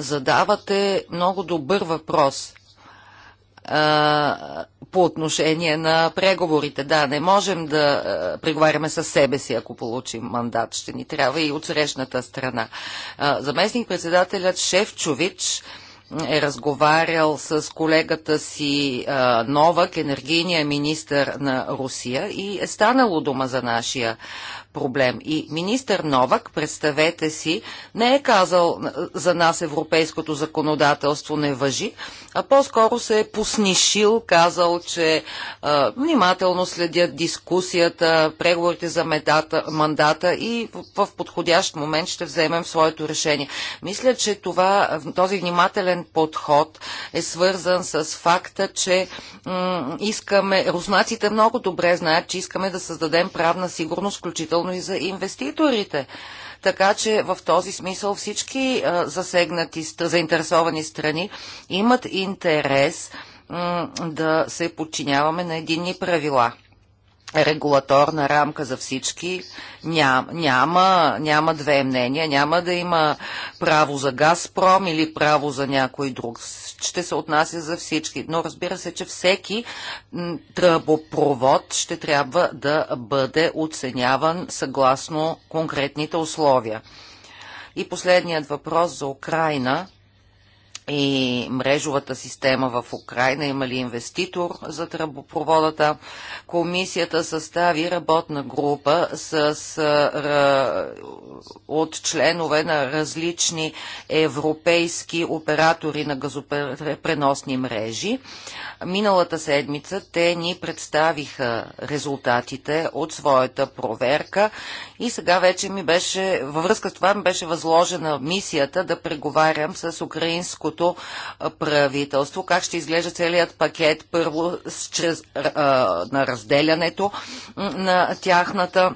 Задавате много добър въпрос по отношение на преговорите. Да, не можем да преговаряме със себе си, ако получим мандат. Ще ни трябва и от срещната страна. Заместник-председателят Шевчович е разговарял с колегата си Новак, енергийния министр на Русия и е станало дума за нашия проблем. И министър Новак, представете си, не е казал за нас европейското законодателство не въжи, а по-скоро се е поснишил, казал, че а, внимателно следят дискусията, преговорите за медата, мандата и в, в подходящ момент ще вземем своето решение. Мисля, че това, този внимателен подход е свързан с факта, че искаме, руснаците много добре знаят, че искаме да създадем правна сигурност, включително включително и за инвеститорите. Така че в този смисъл всички засегнати, заинтересовани страни имат интерес да се подчиняваме на единни правила регулаторна рамка за всички. Ням, няма, няма две мнения, няма да има право за Газпром или право за някой друг. Ще се отнася за всички. Но разбира се, че всеки тръбопровод ще трябва да бъде оценяван съгласно конкретните условия. И последният въпрос за Украина и мрежовата система в Украина, има ли инвеститор за тръбопроводата. Комисията състави работна група с, с, от членове на различни европейски оператори на газопреносни мрежи. Миналата седмица те ни представиха резултатите от своята проверка и сега вече ми беше, във връзка с това ми беше възложена мисията да преговарям с украинското новото правителство, как ще изглежда целият пакет първо чрез, а, на разделянето на тяхната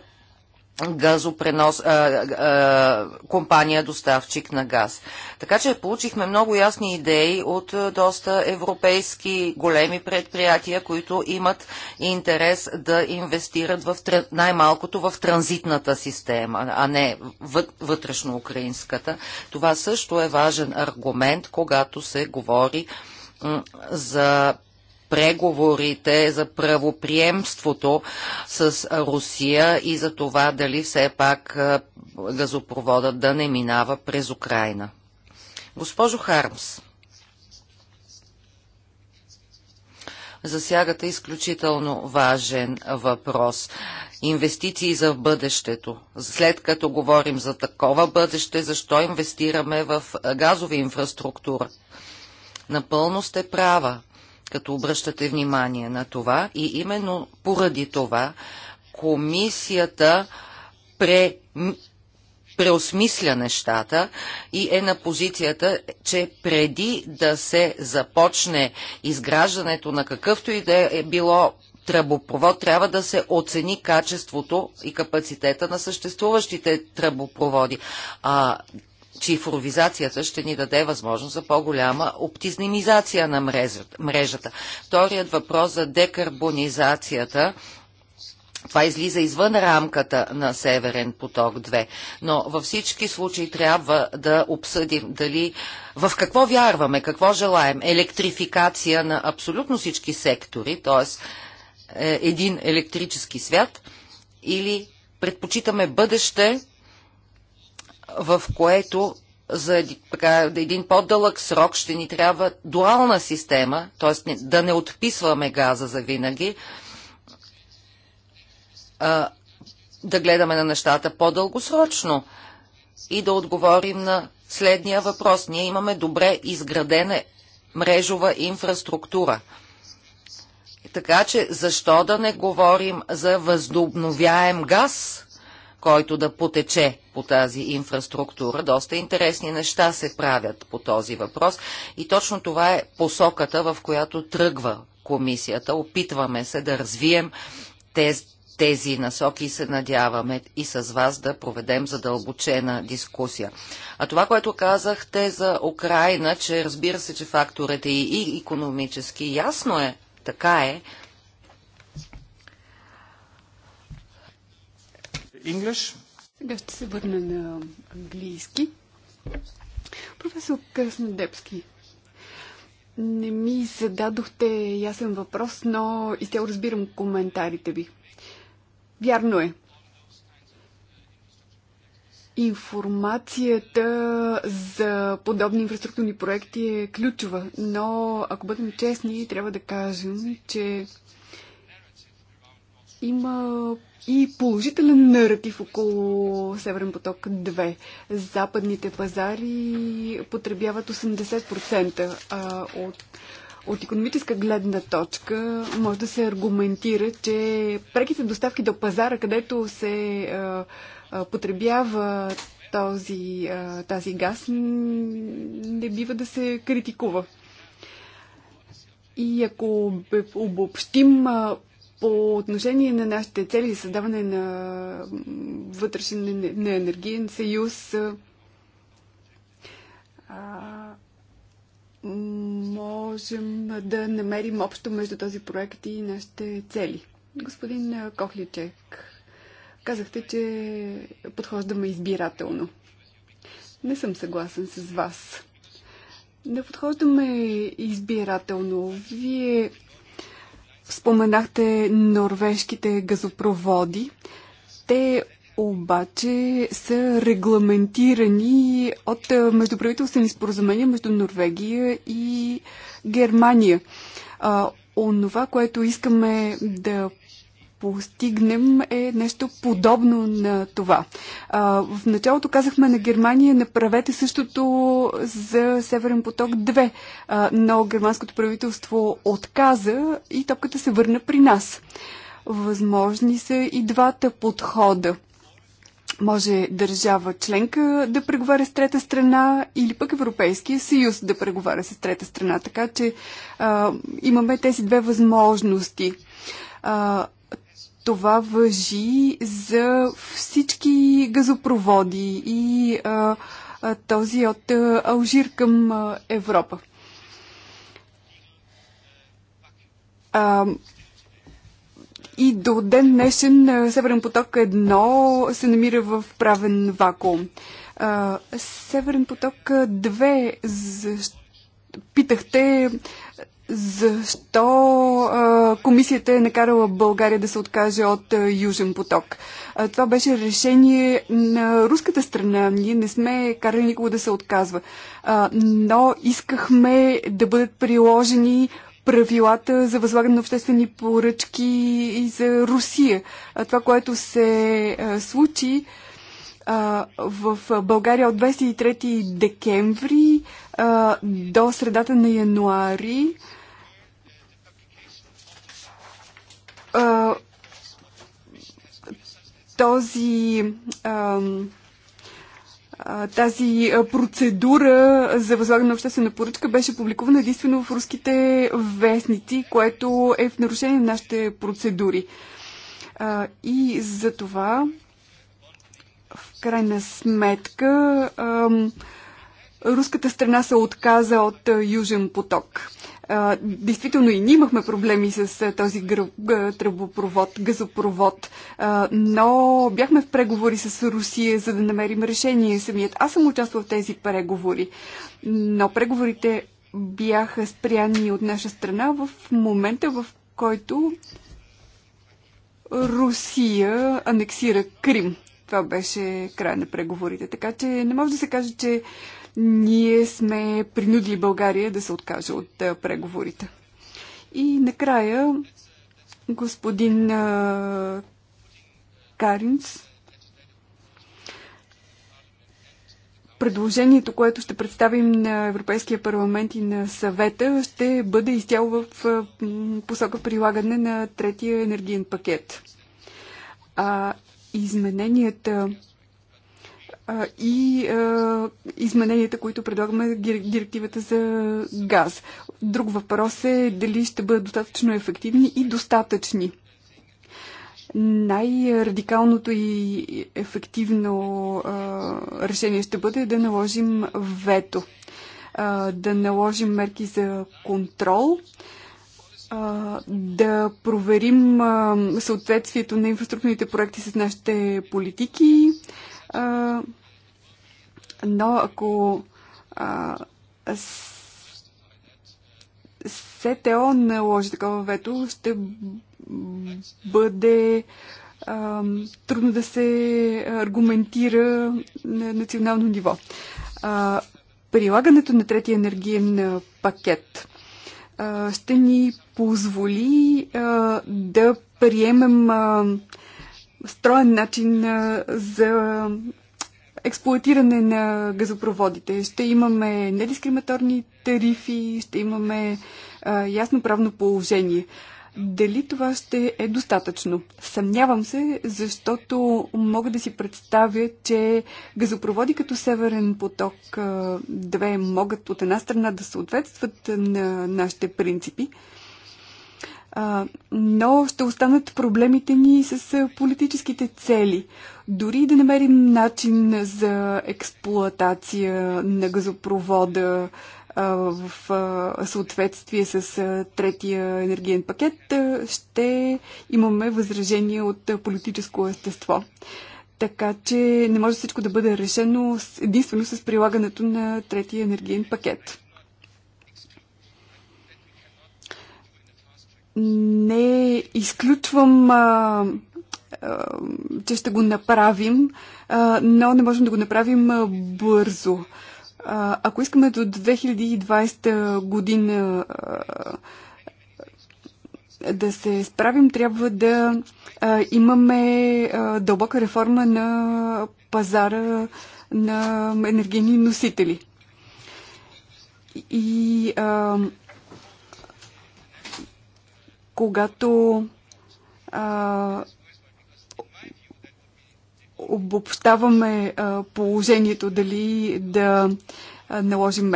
газопренос, а, а, компания доставчик на газ. Така че получихме много ясни идеи от доста европейски големи предприятия, които имат интерес да инвестират в, най-малкото в транзитната система, а не вътрешно украинската. Това също е важен аргумент, когато се говори за преговорите за правоприемството с Русия и за това дали все пак газопроводът да не минава през Украина. Госпожо Хармс, засягате изключително важен въпрос. Инвестиции за бъдещето. След като говорим за такова бъдеще, защо инвестираме в газови инфраструктура? Напълно сте права като обръщате внимание на това. И именно поради това комисията пре, преосмисля нещата и е на позицията, че преди да се започне изграждането на какъвто и да е било тръбопровод, трябва да се оцени качеството и капацитета на съществуващите тръбопроводи. А цифровизацията ще ни даде възможност за по-голяма оптизнимизация на мрежата. Вторият въпрос за декарбонизацията това излиза извън рамката на Северен поток 2, но във всички случаи трябва да обсъдим дали в какво вярваме, какво желаем. Електрификация на абсолютно всички сектори, т.е. Е, един електрически свят или предпочитаме бъдеще, в което за така, един по-дълъг срок ще ни трябва дуална система, т.е. да не отписваме газа за винаги, а, да гледаме на нещата по-дългосрочно и да отговорим на следния въпрос. Ние имаме добре изградена мрежова инфраструктура. Така че защо да не говорим за възобновяем газ? който да потече по тази инфраструктура. Доста интересни неща се правят по този въпрос и точно това е посоката, в която тръгва комисията. Опитваме се да развием тези тези насоки и се надяваме и с вас да проведем задълбочена дискусия. А това, което казахте за Украина, че разбира се, че факторите и економически, ясно е, така е, English. Сега ще се върна на английски. Професор Краснодепски, не ми зададохте ясен въпрос, но изцяло разбирам коментарите ви. Вярно е. Информацията за подобни инфраструктурни проекти е ключова, но ако бъдем честни, трябва да кажем, че има и положителен наратив около Северен поток 2. Западните пазари потребяват 80% от от економическа гледна точка може да се аргументира, че преките доставки до пазара, където се потребява този, тази газ, не бива да се критикува. И ако обобщим по отношение на нашите цели за създаване на вътрешен на енергиен съюз, а, можем да намерим общо между този проект и нашите цели. Господин Кохличек, казахте, че подхождаме избирателно. Не съм съгласен с вас. Не подхождаме избирателно. Вие Споменахте норвежките газопроводи. Те обаче са регламентирани от междуправителствени споразумения между Норвегия и Германия. онова, което искаме да постигнем е нещо подобно на това. А, в началото казахме на Германия, направете същото за Северен поток 2, а, но германското правителство отказа и топката се върна при нас. Възможни са и двата подхода. Може държава членка да преговаря с трета страна или пък Европейския съюз да преговаря с трета страна. Така че а, имаме тези две възможности. А, това въжи за всички газопроводи и а, а, този от а, Алжир към а, Европа. А, и до ден днешен Северен поток 1 се намира в правен вакуум. Северен поток 2, защо? питахте защо а, комисията е накарала България да се откаже от а, Южен поток. А, това беше решение на руската страна. Ние не сме карали никога да се отказва. А, но искахме да бъдат приложени правилата за възлагане на обществени поръчки и за Русия. А, това, което се а, случи, а, а, в България от 23 декември а, до средата на януари а, този а, тази процедура за възлагане на обществена поръчка беше публикувана единствено в руските вестници, което е в нарушение на нашите процедури. И за това в крайна сметка, руската страна се отказа от Южен поток. Действително и ние имахме проблеми с този тръбопровод, газопровод, но бяхме в преговори с Русия, за да намерим решение самият. Аз съм участвал в тези преговори, но преговорите бяха спряни от наша страна в момента, в който Русия анексира Крим. Това беше край на преговорите. Така че не може да се каже, че ние сме принудили България да се откаже от преговорите. И накрая господин Каринц предложението, което ще представим на Европейския парламент и на съвета, ще бъде изцяло в посока прилагане на третия енергиен пакет. А измененията и измененията, които предлагаме директивата за газ. Друг въпрос е дали ще бъдат достатъчно ефективни и достатъчни. Най-радикалното и ефективно решение ще бъде да наложим вето, да наложим мерки за контрол да проверим съответствието на инфраструктурните проекти с нашите политики. но ако СТО наложи такова вето, ще бъде а, трудно да се аргументира на национално ниво. А, прилагането на третия енергиен пакет ще ни позволи да приемем строен начин за експлуатиране на газопроводите. Ще имаме недискриминаторни тарифи, ще имаме ясно правно положение. Дали това ще е достатъчно? Съмнявам се, защото мога да си представя, че газопроводи като Северен поток 2 могат от една страна да съответстват на нашите принципи, но ще останат проблемите ни с политическите цели. Дори да намерим начин за експлоатация на газопровода в съответствие с третия енергиен пакет, ще имаме възражение от политическо естество. Така че не може всичко да бъде решено единствено с прилагането на третия енергиен пакет. Не изключвам, а, а, че ще го направим, а, но не можем да го направим бързо. А, ако искаме до 2020 година да се справим, трябва да имаме дълбока реформа на пазара на енергийни носители. И а, когато а, обобщаваме положението, дали да наложим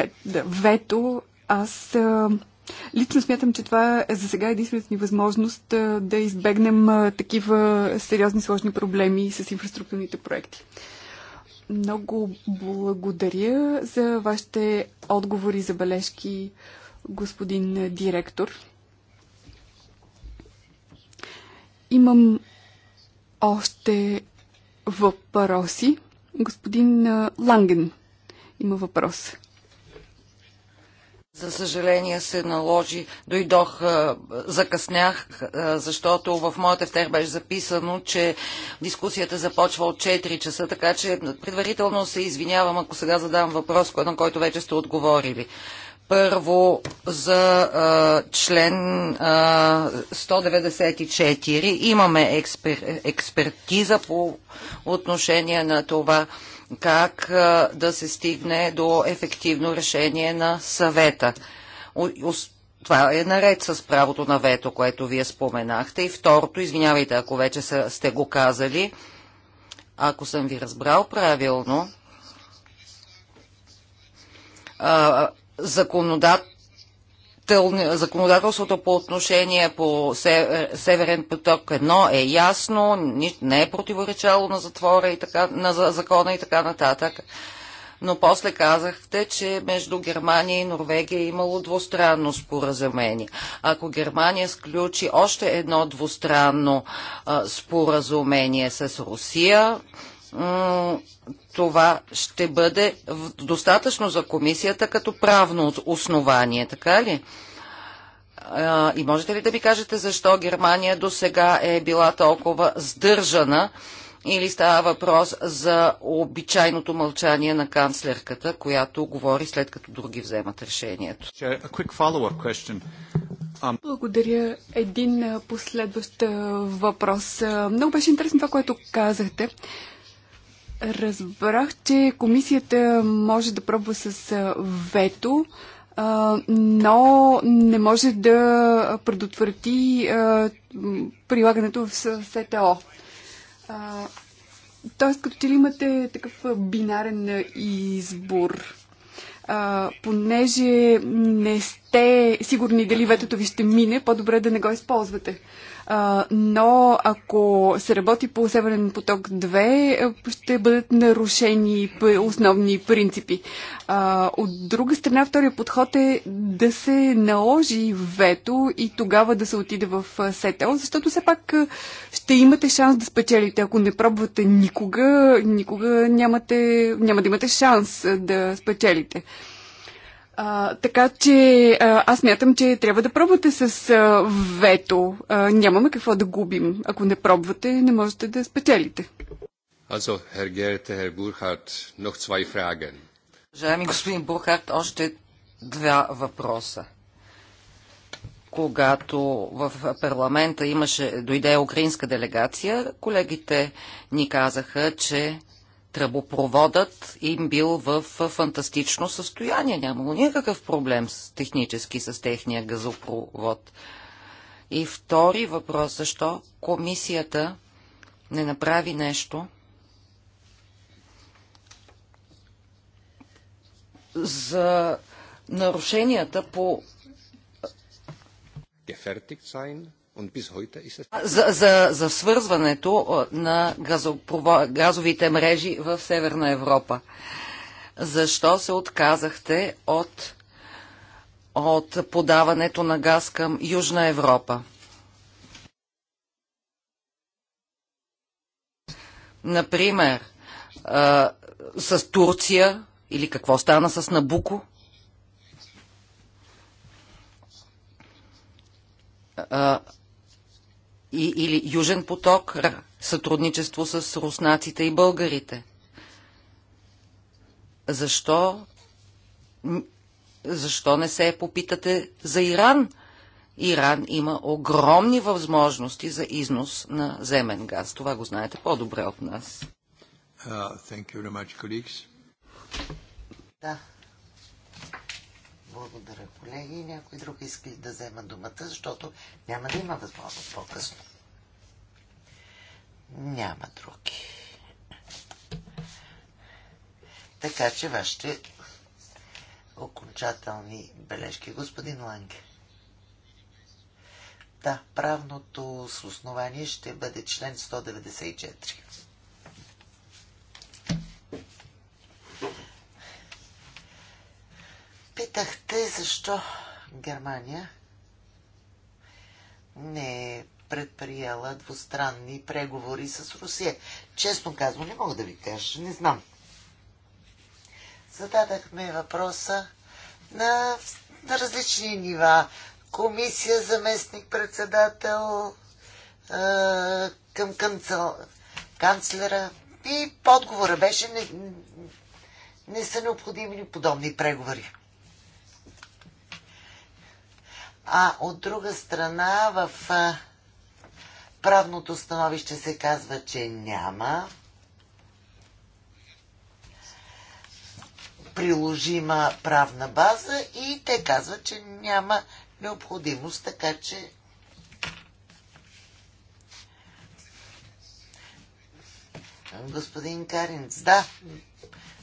вето. Аз лично смятам, че това е за сега единствената ни възможност да избегнем такива сериозни сложни проблеми с инфраструктурните проекти. Много благодаря за вашите отговори и забележки, господин директор. Имам още въпроси. Господин Ланген има въпрос. За съжаление се наложи, дойдох, закъснях, защото в моята втех беше записано, че дискусията започва от 4 часа, така че предварително се извинявам, ако сега задам въпрос, на който вече сте отговорили. Първо за а, член а, 194 имаме експер, експертиза по отношение на това как а, да се стигне до ефективно решение на съвета. Това е наред с правото на вето, което вие споменахте. И второто, извинявайте, ако вече са, сте го казали, ако съм ви разбрал правилно, а, законодателството по отношение по Северен поток 1 е ясно, не е противоречало на затвора и така, на закона и така нататък. Но после казахте, че между Германия и Норвегия е имало двустранно споразумение. Ако Германия сключи още едно двустранно а, споразумение с Русия, това ще бъде достатъчно за комисията като правно основание, така ли? И можете ли да ми кажете защо Германия до сега е била толкова сдържана или става въпрос за обичайното мълчание на канцлерката, която говори след като други вземат решението? Um, Благодаря. Един последващ въпрос. Много беше интересно това, което казахте. Разбрах, че комисията може да пробва с вето, но не може да предотврати прилагането в СТО. Тоест, като че ли имате такъв бинарен избор? понеже не сте сигурни дали ветото ви ще мине, по-добре да не го използвате но ако се работи по Северен поток 2, ще бъдат нарушени основни принципи. От друга страна, втория подход е да се наложи вето и тогава да се отиде в СТО, защото все пак ще имате шанс да спечелите. Ако не пробвате никога, никога нямате, няма да имате шанс да спечелите. А, така че а, аз мятам, че трябва да пробвате с а, вето. А, нямаме какво да губим. Ако не пробвате, не можете да спечелите. Also, Herr Gerte, Herr Burkhardt, noch zwei Fragen. Уважаеми господин Бурхарт, още два въпроса. Когато в парламента имаше, дойде украинска делегация, колегите ни казаха, че тръбопроводът им бил в фантастично състояние. Нямало никакъв проблем с, технически с техния газопровод. И втори въпрос, защо комисията не направи нещо за нарушенията по за, за, за свързването на газовите мрежи в Северна Европа. Защо се отказахте от, от подаването на газ към Южна Европа? Например, а, с Турция или какво стана с Набуко? А, и, или Южен поток, сътрудничество с руснаците и българите. Защо, защо не се попитате за Иран? Иран има огромни възможности за износ на земен газ. Това го знаете по-добре от нас. Uh, thank you very much, colleagues. Да. Благодаря, колеги. Някой друг иска да взема думата, защото няма да има възможност по-късно. Няма други. Така че вашите окончателни бележки. Господин Ланге. Да, правното с основание ще бъде член 194. Питахте защо Германия не е предприела двустранни преговори с Русия. Честно казвам, не мога да ви кажа, не знам. Зададахме въпроса на, на различни нива. Комисия, заместник, председател, към канцел, канцлера. И подговора беше не, не са необходими подобни преговори. А от друга страна в правното становище се казва, че няма приложима правна база и те казват, че няма необходимост, така че господин Каринц, да,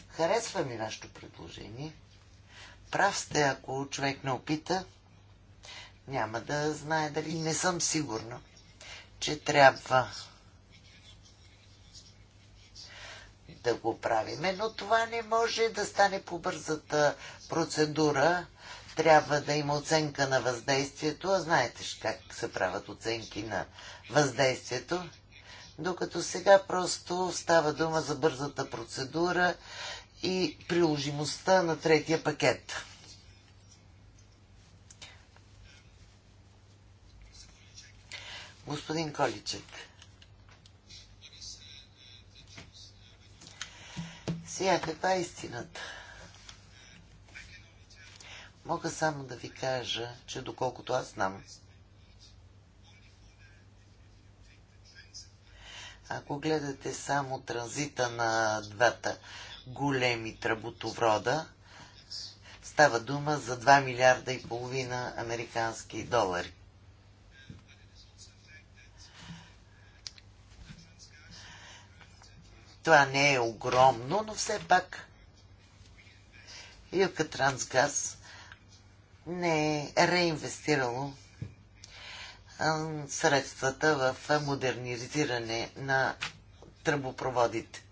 харесва ми нашето предложение. Прав сте, ако човек не опита няма да знае дали не съм сигурна, че трябва да го правиме, но това не може да стане по бързата процедура. Трябва да има оценка на въздействието, а знаете как се правят оценки на въздействието. Докато сега просто става дума за бързата процедура и приложимостта на третия пакет. господин Количек. Сега каква е истината? Мога само да ви кажа, че доколкото аз знам, ако гледате само транзита на двата големи тръботоврода, става дума за 2 милиарда и половина американски долари. Това не е огромно, но все пак Юка Трансгаз не е реинвестирало средствата в модернизиране на тръбопроводите.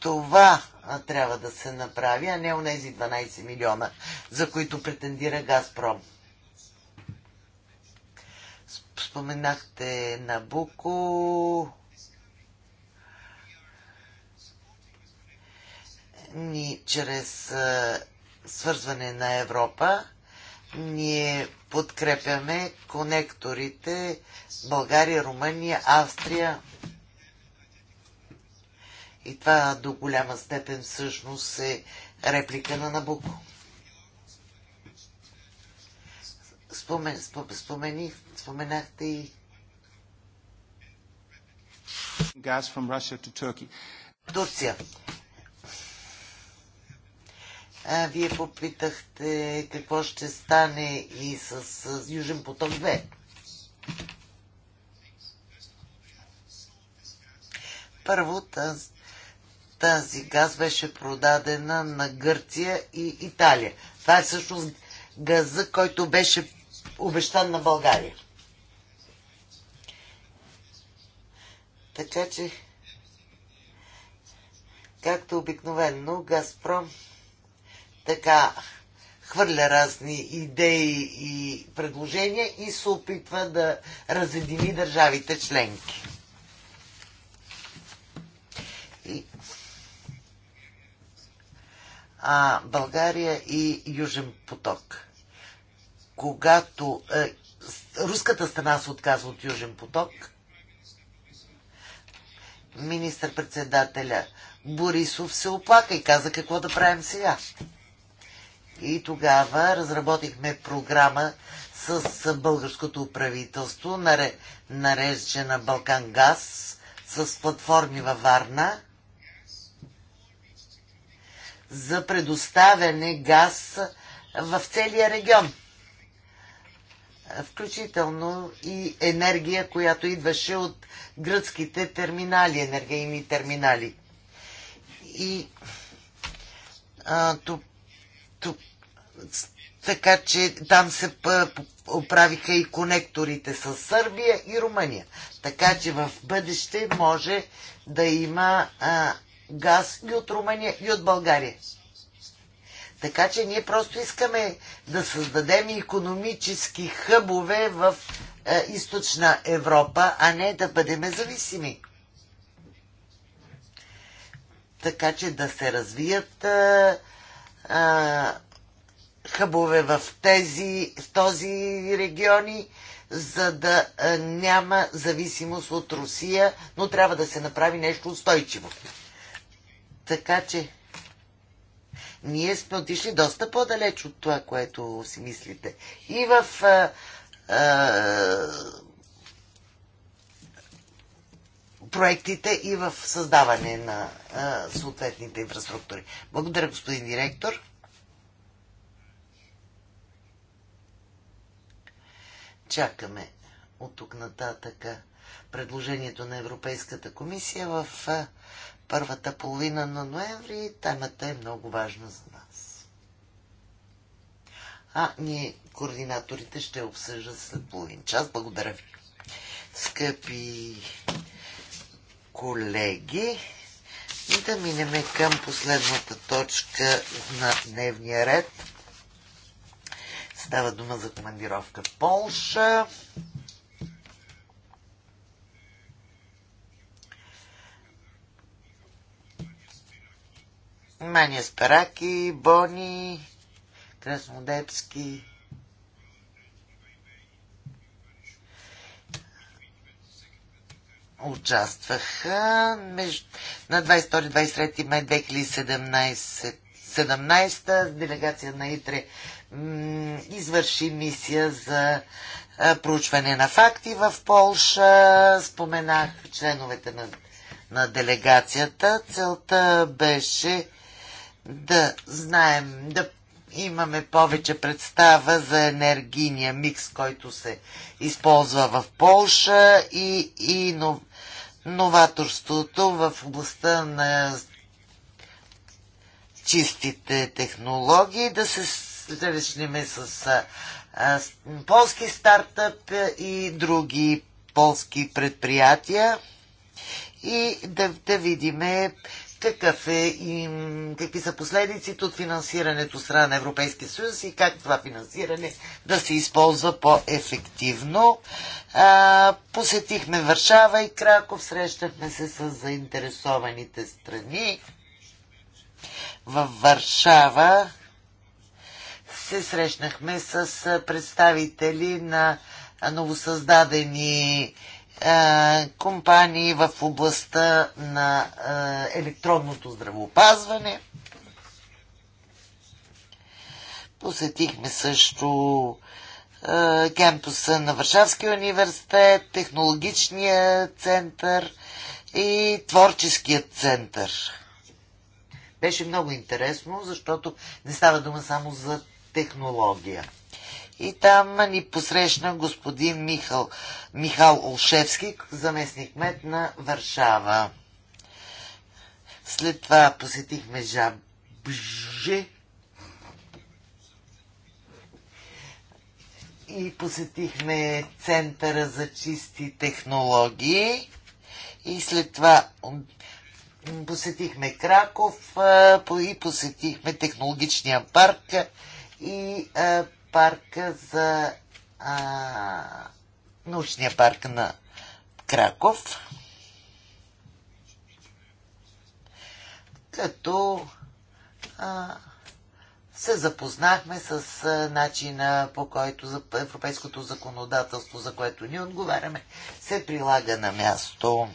Това трябва да се направи, а не у нези 12 милиона, за които претендира Газпром. Споменахте Набуко. Ни чрез свързване на Европа ние подкрепяме конекторите България, Румъния, Австрия. И това до голяма степен всъщност е реплика на Набуко. спомен, спомени, споменахте и Газ from Russia to Turkey. Турция. А, вие попитахте какво ще стане и с, с Южен поток 2. Първо тази, тази газ беше продадена на Гърция и Италия. Това е всъщност газа, който беше обещан на България. Така че, както обикновено, Газпром така хвърля разни идеи и предложения и се опитва да разедини държавите членки. И... А България и Южен поток когато е, руската страна се отказва от Южен поток, министър-председателя Борисов се оплака и каза какво да правим сега. И тогава разработихме програма с българското правителство, наречена Балкан Газ, с платформи във Варна за предоставяне газ в целия регион включително и енергия, която идваше от гръцките терминали, енергийни терминали. И а, ту, ту, така че там се оправиха и конекторите с Сърбия и Румъния. Така че в бъдеще може да има а, газ и от Румъния, и от България. Така че ние просто искаме да създадем економически хъбове в е, източна Европа, а не да бъдем зависими. Така че да се развият е, е, хъбове в, тези, в този региони, за да е, няма зависимост от Русия, но трябва да се направи нещо устойчиво. Така че ние сме отишли доста по-далеч от това, което си мислите. И в а, а, проектите, и в създаване на а, съответните инфраструктури. Благодаря, господин директор. Чакаме от тук нататък предложението на Европейската комисия в първата половина на ноември. Темата е много важна за нас. А ние, координаторите, ще обсъждат след половин час. Благодаря ви. Скъпи колеги, и да минеме към последната точка на дневния ред. Става дума за командировка в Полша. Мания Спараки, Бони, Краснодепски. Участваха на 22-23 май 2017 делегация на ИТРЕ извърши мисия за проучване на факти в Полша. Споменах членовете на, на делегацията. Целта беше да знаем, да имаме повече представа за енергийния микс, който се използва в Полша и, и новаторството в областта на чистите технологии, да се срещнеме с а, полски стартъп и други полски предприятия и да, да видиме какъв е и какви са последиците от финансирането страна на Европейския съюз и как това финансиране да се използва по-ефективно. посетихме Варшава и Краков, срещахме се с заинтересованите страни. Във Варшава се срещнахме с представители на новосъздадени е, компании в областта на е, електронното здравеопазване. Посетихме също е, кемпуса на Варшавския университет, технологичния център и творческият център. Беше много интересно, защото не става дума само за технология и там ни посрещна господин Михал, Михал Олшевски, заместник мед на Варшава. След това посетихме Жабже и посетихме Центъра за чисти технологии и след това посетихме Краков и посетихме технологичния парк и парка за а, научния парк на Краков. Като а, се запознахме с а, начина по който за европейското законодателство, за което ни отговаряме, се прилага на място.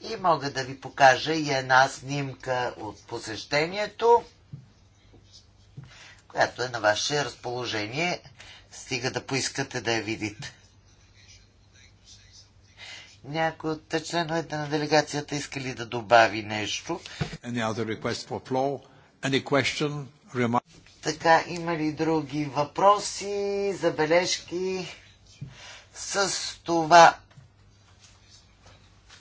И мога да ви покажа и една снимка от посещението която е на ваше разположение. Стига да поискате да я видите. Някой от членовете на делегацията искали да добави нещо. така, има ли други въпроси, забележки? С това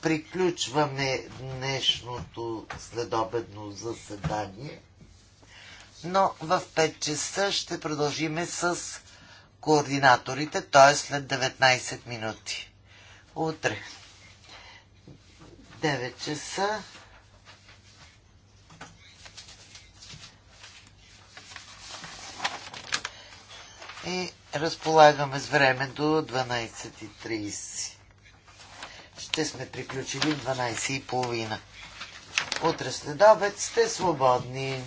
приключваме днешното следобедно заседание но в 5 часа ще продължиме с координаторите, т.е. след 19 минути. Утре. 9 часа. И разполагаме с време до 12.30. Ще сме приключили в 12.30. Утре след обед сте свободни.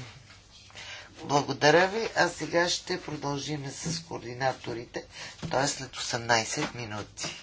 Благодаря ви, а сега ще продължим с координаторите, т.е. след 18 минути.